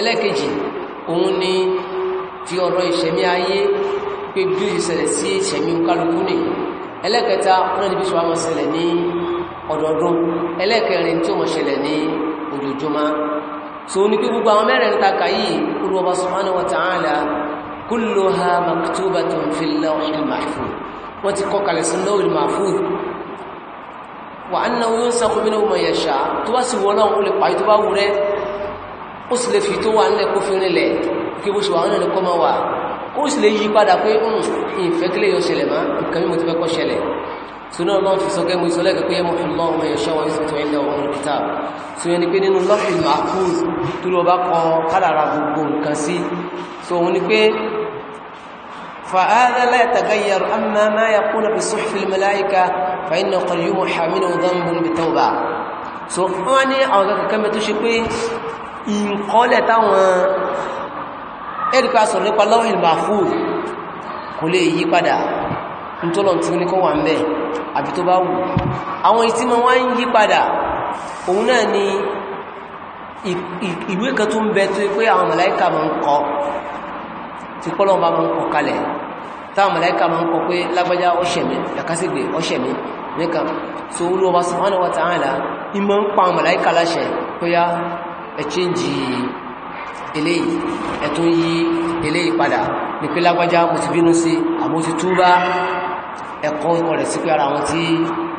ẹlẹ́ẹ̀kejì òun ni fi ọ̀rọ̀ ìṣẹ̀mí ayé pé bí ó ṣẹlẹ̀ sí ìṣẹ̀mí kálukú nì ẹlẹ́ẹ̀kẹta wọ́n níbi ṣọ́wọ́ máa ṣẹlẹ̀ ní ọdọọdún ẹlẹ́ẹ̀kẹrin tí ó máa ṣẹlẹ̀ ní ojoojúmọ́ so ní pé gbogbo àwọn mẹ́rin ta kà yìí kúrò ọba subhanahu wa ta'ala kulluha maktubatun fil lawhil mahfuz wọ́n ti kọ́ ó sì lè fi tó wà nílẹ̀ kó fi rinlẹ̀ kí bó ṣe wà nílẹ̀ kó máa wà ó sì lè yí padà pé hmm, ìfẹ́ kílẹ̀ yóò ṣẹlẹ̀ má nǹkan mímọ̀ ti fẹ́ kọ́ ṣẹlẹ̀ sunu ọlọ́run fi sọ́kẹ́ mú ìsọlẹ́ kẹ́kẹ́ yẹmú ìlọ́run ẹ̀yẹ ṣọ́wọ́ ní sọ́tọ̀ ilẹ̀ pé nínú so فهذا لا يتغير أما ما يكون في الملائكة فإنه قد يمحى منه بالتوبة so wọ́n ní àwọn kẹ́kẹ́ kẹ́mẹ́ ṣe pé ìǹkọ́lẹ̀ táwọn ẹ̀ríkà sọ̀rọ̀ nípa lawhil mahfuz kò lè yí padà nítọ́lọ̀ tí ó ní kọ́ wà ń bẹ̀ àbí tó bá wù àwọn ìtí ma wá ń yí padà òun náà ni ìwé kan tó ń bẹ tó pé àwọn màláíkà ma ń kọ tí pọ́lọ̀ bá ma ń kọ kalẹ̀ táwọn màláíkà ma ń kọ pé lágbájá ọ̀ṣẹ̀mí làkásìgbè ọ̀ṣẹ̀mí nìkan so olúwa subhanahu wa ta'ala ìmọ̀ ń pa àwọn màláíkà láṣẹ ẹ chíǹjì eléyìí ẹ tún yí eléyìí padà ní pé lágbájá mo ti bínú sí àmọ́ ti túbá ẹ̀kọ́ ikọ̀ rẹ̀ sí pé ara wọn tí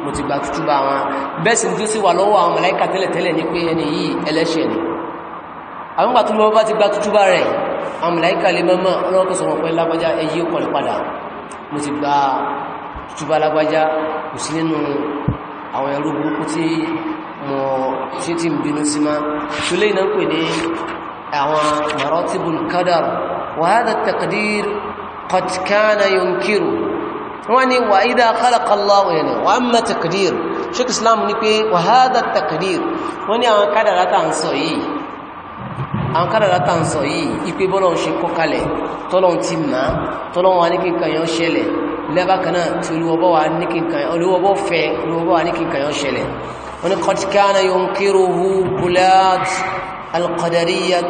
mo ti gba túbá wọn bẹ́ẹ̀ sì tún sí wà lọ́wọ́ àwọn màláíkà tẹ́lẹ̀tẹ́lẹ̀ ní pé ẹni yìí ẹlẹ́ṣẹ̀ ni àwọn ìgbà burúkú tí mọ̀ ṣe tí ń bínú sí máa ṣúlé iná pè ní àwọn maratibul qadar wa hadha at-taqdir qad kana yunkiru wọ́n ni wa idha khalaqa Allahu ẹ̀nà wa amma taqdir ṣíkì islam ní pé wa hadha at-taqdir wọ́n ni àwọn kádàrá tà ń sọ yìí àwọn wa ní kíkà yọ ṣẹlẹ̀ olúwọ́bọ́ wa ní kíkà ṣẹlẹ̀ قد كان ينكره كلاد القدرية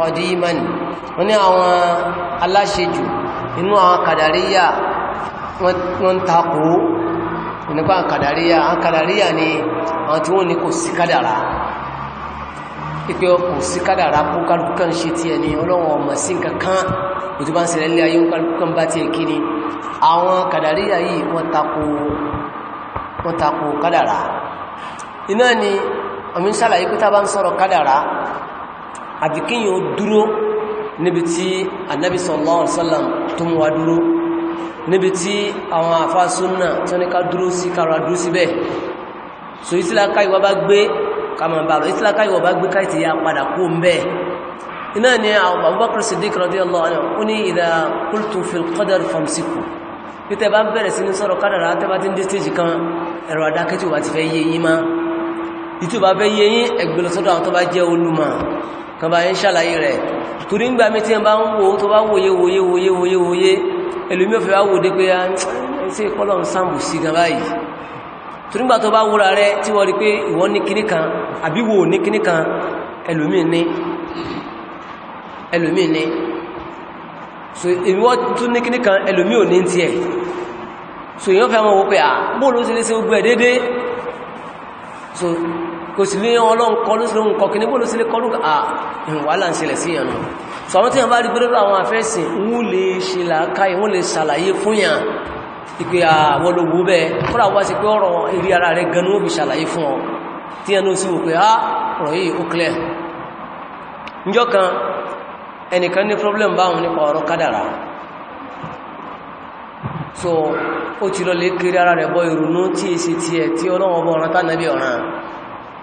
قديما وني àwọn aláṣejù inú àwọn kàdàríyà wọ́n takò nípa kàdàríyà àwọn kàdàríyà ni àwọn tí wọ́n ní kò sí kádàrá ipe kò sí kádàrá kó kálukú kan ṣe ti ẹni ọlọ́wọ̀n ọmọ sí kankan kò tó bá ń ṣẹlẹ̀ ilé ayé wọ́n takò kádàrá iná ni ọmọ ìṣàlàyé pé tàbá ń sọ̀rọ̀ kádàrá àti kí yíò dúró níbi tí anábi tó mú wa dúró níbi tí àwọn àfá súnnà ní ká dúró sí kára dúró síbẹ̀ so ìsìláká ìwà bá ń bẹ̀rẹ̀ sí ní sọ̀rọ̀ kádàrá tẹ́bá ti ń dé stéjì kan ẹ̀rọ adákẹ́tì wà ti fẹ́ yé máa ìtí ò bá fẹ́ yé yín ẹgbẹ́ lọ sọ́dọ̀ àwọn tó bá jẹ́ olùmọ̀ kan bá yín ṣàlàyé rẹ̀ torí ń gbà mí tí ẹ bá ń wo tó bá wòye wòye wòye wòye wòye ẹlòmí ò fẹ́ wá wòde pé ah, ṣe kọ́lọ̀ ń sàmù sí gan báyìí torí gbà tó bá wúra rẹ tí wọ́n rí pé ìwọ ní kíní kan àbí wò ní kíní kan ẹlòmí ní ẹlòmí ní so ìwọ tún ní kíní kan ẹlòmí ò ní tiẹ̀ so ìyọ́n fẹ́ mọ̀ wọ́n pé à ah, bóòlù ó ti lé sí gbogbo ẹ̀ déédéé so kò sì ní ọlọ́run kọlú sí lóhun kọkí ní bóòlù sílé kọlú àwàlà ń ṣẹlẹ̀ sí ẹ̀nà so àwọn tí wọ́n bá rí gbẹ́rẹ́rọ àwọn afẹ́sìn wọ́n lè ṣe làákàyè wọ́n lè ṣàlàyé fún yàn ìpé àwọn olówó bẹ́ẹ̀ problem báwọn nípa so ó ti lọ lè kiri ara rẹ̀ bọ́ ìrònú tí èsì tiẹ̀ tí ọlọ́wọ́ ọ̀rán tánàbí ọ̀ràn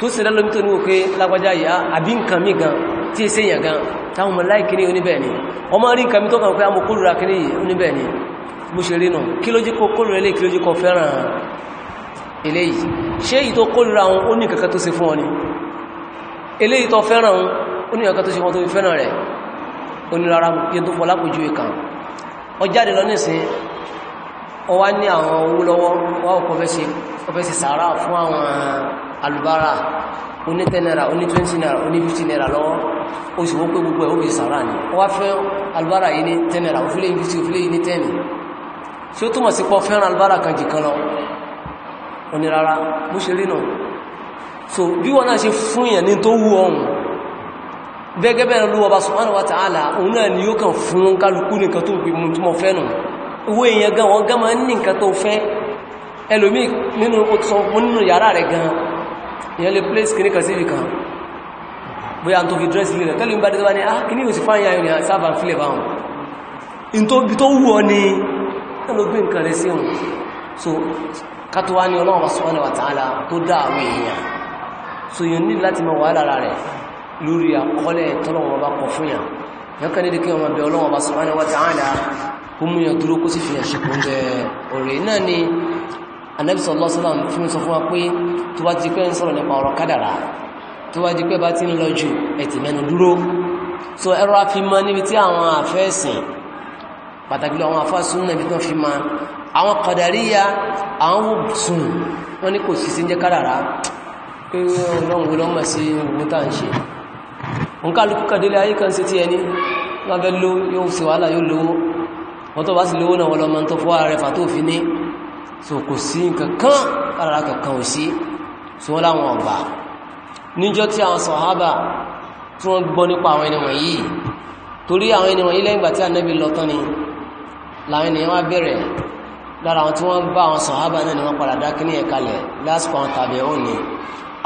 tó sì lẹ́lọ́mí tó ní òkè lágbàjá ìyá ah, àbí nǹkan mí gan tí è sèyàn gan táwọn ọmọ láì kìíní oníbẹ̀ ni ọmọ rí nǹkan mi tó kàn pé a mọ̀ kìíní oníbẹ̀ ni mo ṣe rí nà kí ló jí kó kórìíra ilé kí ló ní ni eléyìí tó fẹ́ràn wọn ó ní kankan tó ṣe àwọn owó lọ́wọ́ wá ọkọ̀ fẹ́ ṣe sàárà fún àwọn alubara oní ten naira oní twenty naira oní fifty naira lọ́wọ́ ó sì wọ́n pé gbogbo ẹ̀ ó fi sàrà ni ó wá fẹ́ alubara yìí ní ten naira ó fi lé fifty ó fi lé yìí ní ten tí ó túmọ̀ sí pọ̀ fẹ́ràn alubara kan jì kan lọ oní rárá bó ṣe rí nù so bí wọ́n náà ṣe fún èèyàn ní tó wú ọ̀hún gẹ́gẹ́ bẹ́ẹ̀ ni yóò kàn sọ èyàn lè place kìní kan sí ìkan bóyá tó fi dress lè rẹ̀ tẹ́lú ń bá dẹ́gbà ní ah kìní òsì fáyà yóò ní sábà fílẹ̀ báhùn in tó bí tó wù ọ ní ẹlò gbé nǹkan rẹ̀ sí òun so kátó wá ní ọlọ́wọ́ subhanahu wa ta'ala tó dá àwọn èèyàn so yóò ní láti mọ wà lára rẹ̀ lórí àkọọ́lẹ̀ tọ́lọ́wọ́ bá kọ fún yàn yàn kan nídìí kí ọmọ bẹ ọlọ́wọ́ subhanahu wa ta'ala ni Ànábì sallallahu alaihi wasallam fi ń sọ fún wa pé tó bá ti pẹ́ ń sọ̀rọ̀ nípa ọ̀rọ̀ kádàrá tó bá ti pẹ́ bá ti ń lọ jù ẹ̀tì mẹ́nu dúró so ẹ̀rọ afimọ́ níbi tí àwọn àfẹ́ẹ̀sìn pàtàkì lọ àwọn afásún náà ibi tí wọ́n fi ma àwọn kádàríyà àwọn sùn wọ́n ní kò sí sí ń jẹ́ kádàrá pé ọlọ́run lọ́mọ̀ sí owó tá ń so kò sí nǹkankan ara kankan ò sí so wọ́n láwọn ọ̀gbà níjọ́ tí àwọn sọ̀hábà tí wọ́n gbọ́ nípa àwọn ẹni wọ̀nyí torí àwọn ẹni wọ̀nyí lẹ́yìn ìgbà tí ànábì lọ tán ni làwọn ènìyàn wá bẹ̀rẹ̀ lára àwọn tí wọ́n bá àwọn sọ̀hábà náà ni wọ́n padà dá kíní yẹn kalẹ̀ lásìkò àwọn tàbí ẹ̀hún ni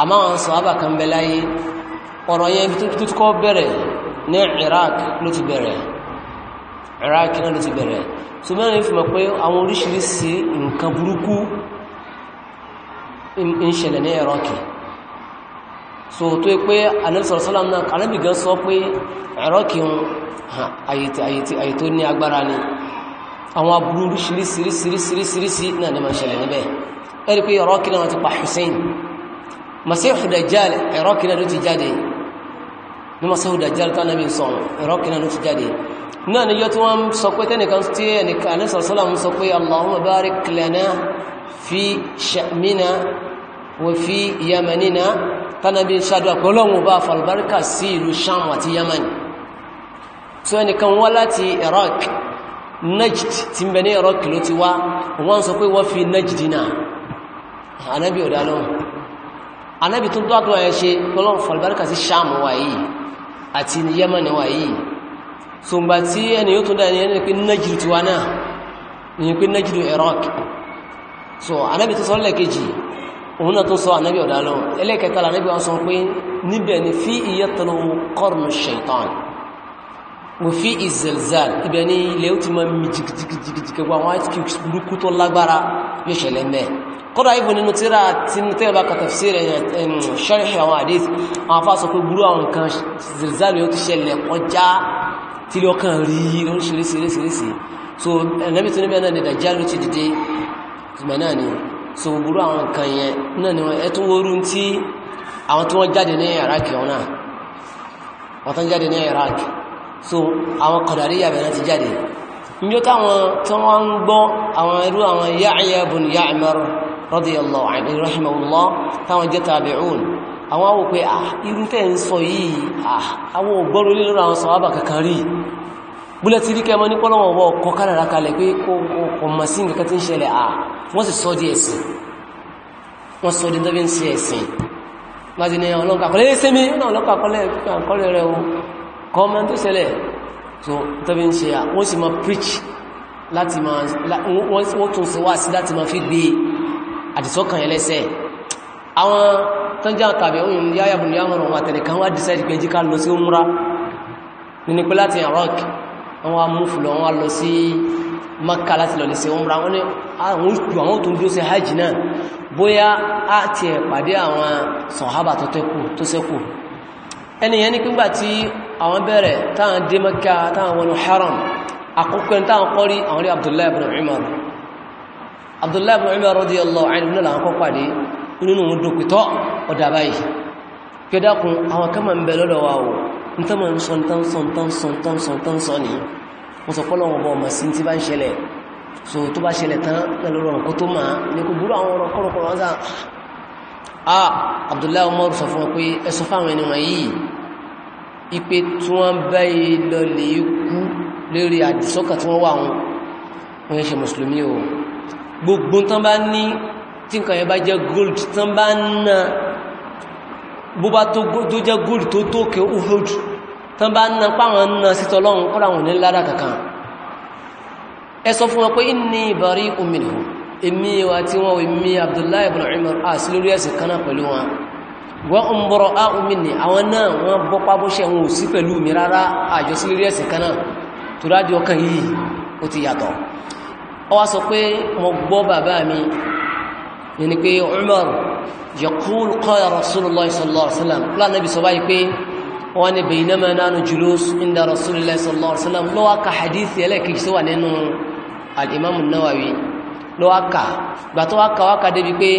àmọ́ àwọn sọ̀hábà kan bẹ láyé ọ̀rọ̀ yẹn tó kọ́ bẹ̀rẹ̀ ní Iraq ló ti bẹ̀rẹ̀ iraq náà ló ti bẹ̀rẹ̀ so mẹ́rin fi mọ̀ pé àwọn oríṣiríṣi nǹkan burúkú ń ṣẹlẹ̀ ní iraq so tó yẹ pé anẹ́sọ̀rọ̀sọ́lá náà anábì gan sọ pé iraq ń àyè tó ní agbára ni àwọn aburú oríṣiríṣiríṣiríṣiríṣi náà ni máa ṣẹlẹ̀ níbẹ̀ ẹ̀rí pé iraq náà ti pa hussein masihu dajjal iraq náà ló ti jáde ní masihu dajjal tó anábì sọ iraq náà ló ti jáde náà níjọ́ tí wọ́n sọ pé tẹ́nìkan tí ẹnìkan alẹ́sàsọ́lá ń sọ pé Allahumma barik lana fi sha'mina wa fi yamanina tánàbí ṣáàdùwà pé ọlọ́run bá falbarka sí ìlú sham àti yamani tí ẹnìkan wá láti Iraq najd ti bẹ ní Iraq ló ti wá wọ́n sọ pé wọ́n fi najdina anábì ọ̀dá lọ́wọ́ anábì tó dọ́dọ̀ ẹ̀ ṣe ọlọ́run falbarka sí sham wà àti yamani wà so ngba tí ẹni yóò tún dá ẹni pé nájìrì tiwa náà ni pé nájìrì Iraq so anábì tó sọ lẹ́ẹ̀kejì òun náà tó sọ anábì ọ̀dá lọ ẹlẹ́ẹ̀kẹta anábì wọn sọ pé níbẹ̀ ni fi iye tọ́lọ kọrùn ṣẹ̀tàn wò fi ìzẹ̀lzẹ̀l ibẹ̀ ni ilẹ̀ ó ti máa mi jìgìjìgìjìgì wọn wọ́n ti burúkú tó lágbára yóò ṣẹlẹ̀ mẹ́ kọ́dà ibò nínú tí lọ kàn rí oríṣiríṣiríṣiríṣi so ẹ̀nàbí tó níbẹ̀ náà ni dàjá ló ti dìde ìgbà náà ni so burú àwọn nǹkan yẹn náà ni ẹtún orú tí àwọn tí wọ́n jáde ní Iraq wọn náà wọ́n tán jáde ní Iraq so àwọn kọ̀dàrí yàbẹ̀ náà ti jáde níjọ́ táwọn tí wọ́n ń gbọ́ àwọn irú àwọn Yahya bun Ya'mar radiyallahu anhu rahimahullah táwọn jẹ́ tabi'un àwọn awò pé à ah, irú tẹ́ ń sọ yìí à ah, àwọn ògbọ́rún lè lọ́rọ̀ àwọn sọ̀wábà kankan rí búlẹ̀ ti rí kẹmọ́ ní pọ́lọ́wọ́ ọwọ́ ọkọ̀ kádàrá kalẹ̀ pé kò mọ̀ sí nǹkan tí ń ṣẹlẹ̀ à ah, wọ́n sì sọ di ẹ̀sìn wọ́n sọ di tọ́bí ń ṣe ẹ̀sìn láti ní ọlọ́nkà kọ́lẹ̀ lé sẹ́mi ọlọ́nkà kọ́lẹ̀ rẹ̀ o kọ́mọ́ tó ṣẹlẹ̀ tó tọ́bí ń ṣe à wọ́n sì máa preach láti máa wọ́n tún sí wá sí láti máa fi gbé àdìsọ́kàn ẹlẹ́sẹ̀ àwọn tán jẹ́ àtàbí òun yáyà bùn yá mọ̀rọ̀ àtẹnìkan wá decide pé jíká lọ sí umra nínú pé láti iraq wọ́n wá mú fùlọ wọ́n lọ sí Makkah láti lọ lè sí umra wọ́n ni ah, àwọn tó ń bí ó sí hajj náà bóyá á ti ẹ̀ pàdé àwọn sọ̀hábà tó tẹ́kù tó sẹ́kù ẹniyàn ní pínpà tí àwọn bẹ̀rẹ̀ táwọn dé Makkah táwọn wọnú haram àkókò inú òun dókítọ́ ọ̀dà báyìí kí ọdá kun àwọn kan máa ń bẹ lọ́dọ̀ wa o ní tán máa ń sọ tán sọ tán sọ tán sọ tán sọ ní wọ́n sọ pọ́lọ̀ ọmọ ọmọ sí tí bá ń ṣẹlẹ̀ so tó bá ṣẹlẹ̀ tán pẹ̀lú ọ̀rọ̀ kó tó máa ní kò burú àwọn ọ̀rọ̀ kọ́rọ̀kọ́rọ̀ wọ́n sáà ah Abdullahi Umar sọ fún wọn pé ẹ sọ fáwọn ẹni wọn yìí ipe tí wọ́n bẹ́ lọ lè kú lérí àdìsọ́kà tí wọ́n wà wọn wọ́n yẹ́ ṣe mùsùlùmí o gbogbo tán bá ní tí nǹkan yẹn bá jẹ́ gold tán bá ń na bó bá tó jẹ́ gold tó tó kẹ Uhud tán bá ń na páwọn ń na sítọ́ lọ́run kọ́ra wọn ní lára kankan ẹ sọ fún wọn pé inni bari'un minhum èmi wa tí wọn èmi Abdullahi ibn Umar a sí lórí ẹ̀sìn kan náà pẹ̀lú wọn wọ́n ń bọ̀rọ̀ áhùnmí ni àwọn náà wọ́n bọ́ pábọ́ṣẹ́ wọn ò sí pẹ̀lú mi rárá àjọsí lórí ẹ̀sìn kan tó rádi ọkàn yìí ó ti yàtọ̀ ó sọ pé mo gbọ́ bàbá mi yẹni pé Umar yaqul qala rasulullah sallallahu alaihi wasallam kúlá nàbí sọ báyìí pé wọ́n ni baynama nahnu julus inda rasulillah sallallahu alaihi wasallam lọ́wọ́ ka hadith ẹlẹ́kejì tó wà nínú al-imam an-nawawi lọ́wọ́ ka gbà tó wá ka wá ka débi pé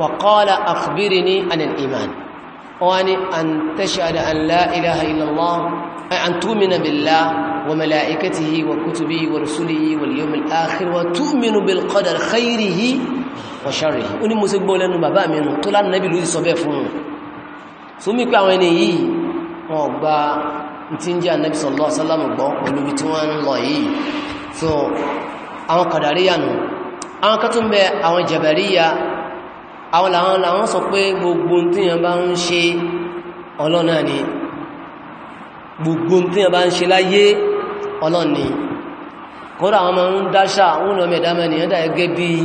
wa qala akhbirni anil iman wọ́n ni an tashhada an la ilaha illallah an tu'mina billah وملائكته وكتبه ورسله واليوم الآخر وتؤمن بالقدر خيره ọ̀ṣàrẹ̀ ó ní mo ṣe gbọ́ lẹ́nu bàbá mi nù tó lánàá bí ló ti sọ bẹ́ẹ̀ fún un so mí pé àwọn ẹni yìí wọn gba tí ń jẹ́ ànábì sallallahu alaihi wasallam gbọ́ pẹ̀lú bí tí wọ́n ń lọ yìí so àwọn kàdàríyà nù àwọn kẹtùn bẹ àwọn jẹ̀bẹ̀ríyà àwọn làwọn làwọn sọ pé gbogbo ni gbogbo tí kódà àwọn ọmọ ń dáṣà wọn lọ mẹ́dámẹ́ni ẹ̀dà gẹ́gẹ́ bíi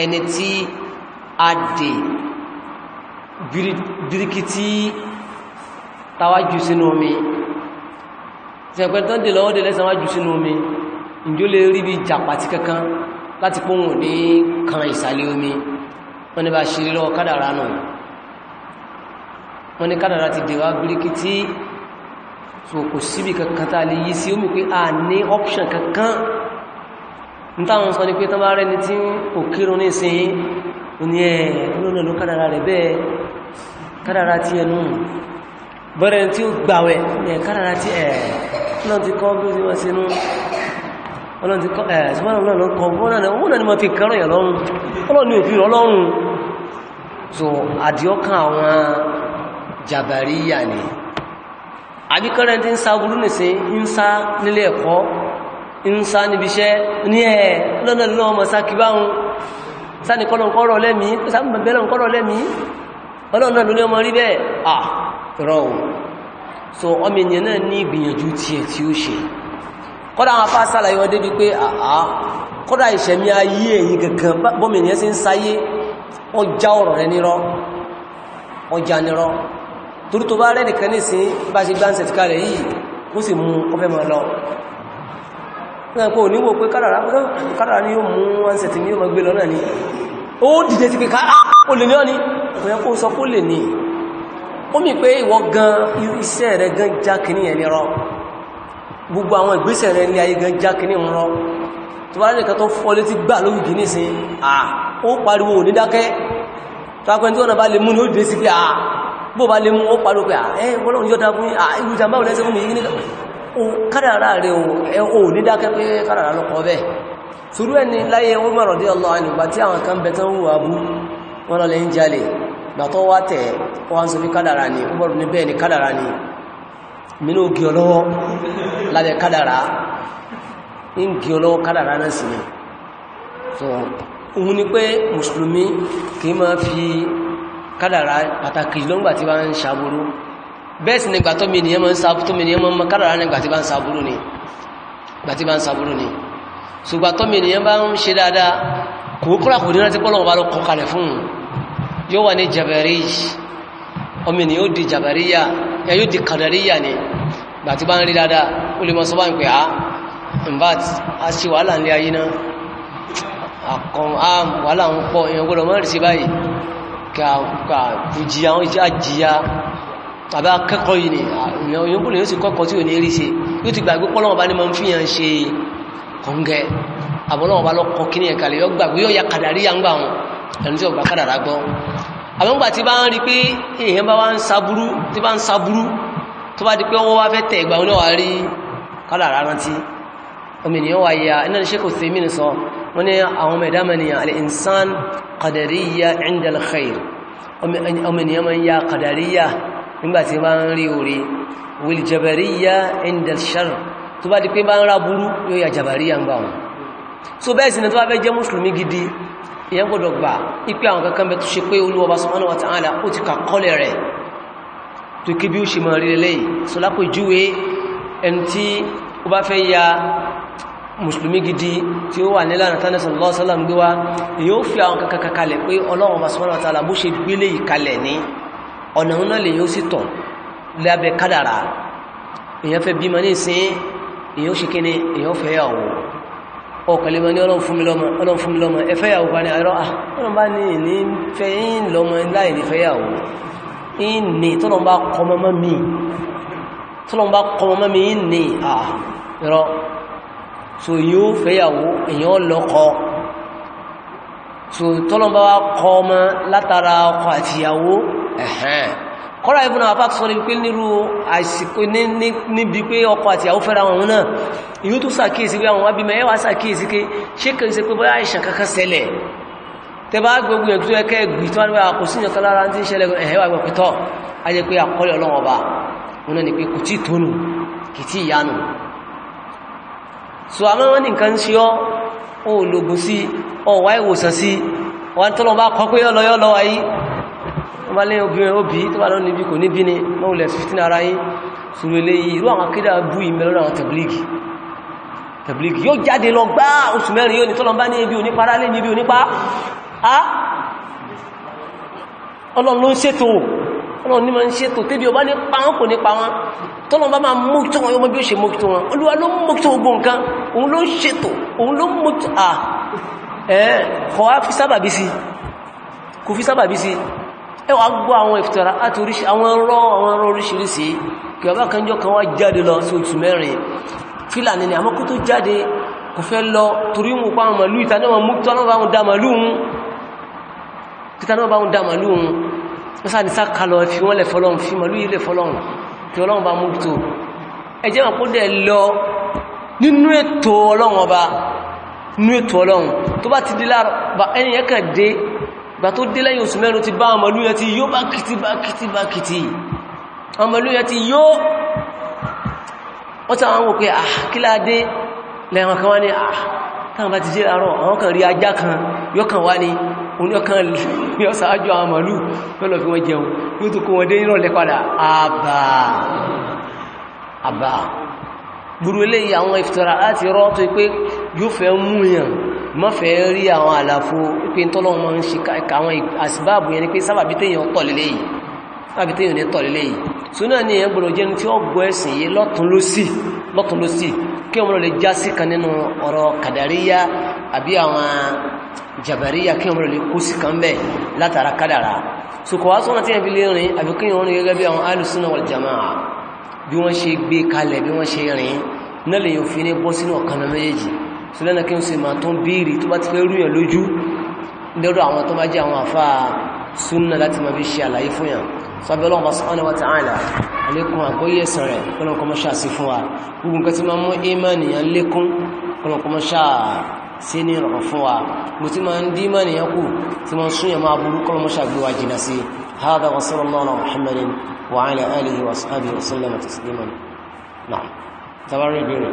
ẹni tí a dè birikiti tawájú sínú omi tí ẹgbẹ́ tán dè lọ́wọ́ dè lẹ́sàn wájú sínú omi ìjó lè rí bí jàpàtí kankan láti pọ́hùn ní kan ìsàlẹ̀ omi wọ́n ni bá ṣe rí lọ́wọ́ kádàrá nù wọ́n ni kádàrá ti dèwà birikiti so kò síbi kankan tàà lè yí sí omi pé a ní option kankan ń táwọn sọ ní pé tán bá rẹni tí kò kírun ní ìsìn ní ẹ̀ olóòrùn ló kádàrà rẹ̀ bẹ́ẹ̀ kádàrà tí ẹnu bẹ́rẹ̀ tí ó gbàwẹ̀ ẹ̀ kádàrà tí ẹ̀ ọlọ́n ti kọ́ bí ó ti wọ́n sínú ọlọ́n kọ́ ń sá níbi iṣẹ́ ní ẹ̀ lọ́nà lọ́nà ọmọ sákìbáhun sáni kọ́lọ̀kọ́rọ̀ lẹ́mí sáàbẹ̀lọ̀kọ́rọ̀ lẹ́mí ọlọ́nà lóní ọmọ rí ah rọ̀ so ọmọ ènìyàn náà ní ìgbìyànjú tí ẹ̀ e tí ó ṣe kọ́dá àwọn afá sálàyé wọn débi pé àá kọ́dá ìṣẹ̀mí ayé èyí kankan bọ́mọ ènìyàn sí ń sáyé ọjà ọ̀rọ̀ rẹ nírọ́ ọjà nírọ́ torí tó bá rẹ́ nìkan nísìn bá ṣe gbáǹsẹ̀ tí kalẹ̀ yìí ó sì mú ọfẹ́ mọ́ lọ ẹ̀kọ́ oníwò pé kádàrá ní yóò mú wánsẹ̀ tí ní yóò mọ́ gbé lọ́nà ní ó dìde sí pé ó lè ní ọ́ ní ẹ̀kọ́ sọ kó lè ní ó mì pé ìwọ gan iṣẹ́ rẹ̀ gan jákìní ẹni rọ gbogbo àwọn ìgbésẹ̀ rẹ̀ ní ayé gan jákìní rọ tó bá nìkan tó fọ́ létí gbà lórí gìní sí à ó pariwo ò ní dákẹ́ tó akẹ́ tí wọ́n bá lè mú ní ó dìde sí pé à bó bá lè mú ó pariwo pé à ẹ́ wọ́n lọ́run yọ́ta fún kádàrà rẹ̀ ò ní dákẹ́ pé kádàrà lọ́kọ́ bẹ́ẹ̀ ṣúrú ẹni láyé wọ́n mọ̀rọ̀ dí ọlọ́ àìnìgbà tí àwọn kan bẹ̀ tán wà bú wọ́n lọ́lẹ̀ ń jalè gbàtọ́ wá tẹ̀ wọ́n sọ bí kádàrà ni ọgbọ̀rù ní bẹ́ẹ̀ ni so òun ni pé mùsùlùmí fi kádàrà pàtàkì lọ́ngbà tí wọ́n bẹ́ẹ̀ ni nígbà tómi ènìyàn máa ń sa tómi ènìyàn ni gbà tí bá ni ṣùgbà tómi ènìyàn bá ń ṣe dáadáa kò kúrà kò ní rántí pọ́lọ́wọ́ ló kọ kalẹ̀ fún yóò wà ní jabari ọmọ ènìyàn ó di jabariya ya yóò di kadariya ni gbà tí bá ń rí dáadáa ó lè mọ sọ bá ń pè á invat a ṣe wàhálà ní ayé náà wàhálà ń pọ̀ èèyàn gbọ́dọ̀ mọ́ báyìí kà tàbí akẹ́kọ̀ọ́ yìí ni ìyàn kò lè yóò sì kọ́kọ́ tí ò ní rí ṣe yóò ti gbàgbé pọ́lọ́wọ́ bá ní máa ń fi hàn ṣe kọ̀ǹgẹ́ àbọ̀lọ́wọ́ bá lọ́kọ́ kí ní ẹ̀ka lè yọ gbàgbé yóò ya kàdàrí ya ń gbà wọn ẹni tí ọgbà kàdàrà gbọ́ àwọn ìgbà tí bá ń rí pé èèyàn bá wá ń saburú tí bá ń saburú tó bá di pé wọ́n wá fẹ́ tẹ̀ ìgbà wọn wá rí kàdàrà nígbàtí bá ń rí orí wil jabariya indal shar tó bá di pé bá ń ra burú yóò ya jabariya ń gbà wọn so bẹ́ẹ̀ sí ni tó bá fẹ́ jẹ́ mùsùlùmí gidi ìyẹn gbọ́dọ̀ gbà ipé àwọn kankan bẹ tó ṣe pé olúwọba subhanahu wa ta'ala ó ti kàkọ́lẹ̀ rẹ̀ tó kí bí ó ṣe mọ̀ rí lẹ́yìn so lápò ìjúwe ẹni tí ó bá fẹ́ ya ọ̀nà ń lè yóò sì tọ̀ lábẹ́ kádàrà èyàn fẹ́ bímọ ní ìsìn èyàn ṣe kí ni èyàn fẹ́ yàwó ọkọ̀lẹ́ ní ọlọ́run fún mi lọ́mọ ọlọ́run yàwó ah, bá ní àrọ́ ọlọ́run bá kọ́ ah, ọmọ látara ọkọ àtìyàwó kọ́ra ibùn àwọn afáàtù sọ́rọ̀ pé nírú àìsìkò níbi pé ọkọ àti àwọn fẹ́ra wọn náà ìlú tó sàkíyèsí pé àwọn abimẹ̀ ẹwà sàkíyèsí pé ṣé kìí ṣe pé bóyá ìṣàn kankan ṣẹlẹ̀ tẹbá gbogbo yẹn tó ẹkẹ́ gbì tó wọ́n kò sí ìyànkan lára tí ń ṣẹlẹ̀ ẹ̀hẹ́wà ìwọ̀pítọ́ a jẹ́ pé àkọlẹ̀ ọlọ́wọ́ bá wọn ni pé kò tí so àmọ́ wọ́n ní nǹkan ṣe ọ́ ó lògùn sí ọ̀wá ìwòsàn sí wọ́n tọ́lọ́ bá wọ́n bá lẹ́yìn obìnrin obì tó bá lọ níbi kò níbi ni mọ́wùlẹ̀ fífín ara yí sùúrù eléyìí irú àwọn akédà bú ìmẹ́lọ́dọ̀ àwọn tẹ̀blígì tẹ̀blígì yóò jáde lọ gbá oṣù mẹ́rin yóò ní tọ́lọ́mbá ní ibi onípa rálé ní ibi onípa á ọlọ́run ló ń ṣètò ọlọ́run ní ma ń ṣètò tẹ́bí ọba ní pa wọn kò ní pa wọn tọ́lọ́mbá máa mójútó wọn yóò mọ́ bí ó ṣe mójútó wọn olúwa ló mójútó kò fi sábàbí sí ẹwà gbọ́ àwọn ìfìtàrà àtúríṣì àwọn rọ́ àwọn rọ́ oríṣiríṣi kí ọba kanjọ́ kan wá jáde lọ sí oṣù mẹ́rin fílàní ni àmọ́kú tó jáde kò fẹ́ lọ torí mú pa àwọn màlú ìtanáwà mú tọ́nà bá wọn dá màlú òun mọ́sá ní sáà kalọ̀ fi wọ́n lẹ̀ fọ́lọ́run fi màlú yìí lẹ̀ fọ́lọ́run kí ọlọ́run bá mú tó ẹjẹ́ ọlọ́run bá ẹni yẹn dé gbà tó dé lẹ́yìn oṣù mẹ́rin ti bá ọmọlúyẹ ti yóò bá kìtì bá kìtì bá kìtì ọmọlúyẹ ti yóò wọ́n tí àwọn òpé àà kí láadé lẹ́ran kan wá ní àà ah, táwọn bá ti jẹ́ àárọ̀ àwọn kan rí ajá kan yóò kan wá ní oníọ̀kan yóò sáájú *laughs* àwọn màálù yóò lọ fi wọ́n má fẹ́ rí àwọn àlàfo pé tọ́lọ́wọ́n máa ń ṣe àwọn àsìbáàbù yẹn ni pé sábàbí téèyàn tọ̀ yìí sábàbí téèyàn ní tọ̀ lélẹ̀ yìí súnà ni èèyàn gbọ́dọ̀ jẹ́ni tí ó gbọ́ ẹ̀sìn yìí lọ́tún lósì lọ́tún lósì kí wọ́n lè já sí kan nínú ọ̀rọ̀ kàdàríyá àbí àwọn jàbàríyà kí wọ́n lè kó sí kan bẹ́ẹ̀ látara kádàrà sùkọ̀ wá sọ́nà tí wọ́n fi lè rìn àbí kí wọ́n rìn gẹ́gẹ́ bí àwọn alùsùnà so lẹ́nà kí n sì máa tún bíìrì tó bá ti fẹ́ rúyàn lójú lẹ́rọ àwọn tó bá jẹ́ àwọn àfá súnà láti máa fi ṣe àlàyé fún yàn sábẹ́ ọlọ́run bá sọ́nà wà tààlà àlékún àgbóyè ẹ̀sàn rẹ̀ kọ́nà kọ́mọ́ ṣáà هذا وصلى الله على محمد وعلى آله وأصحابه وسلم تسليما نعم تبارك الله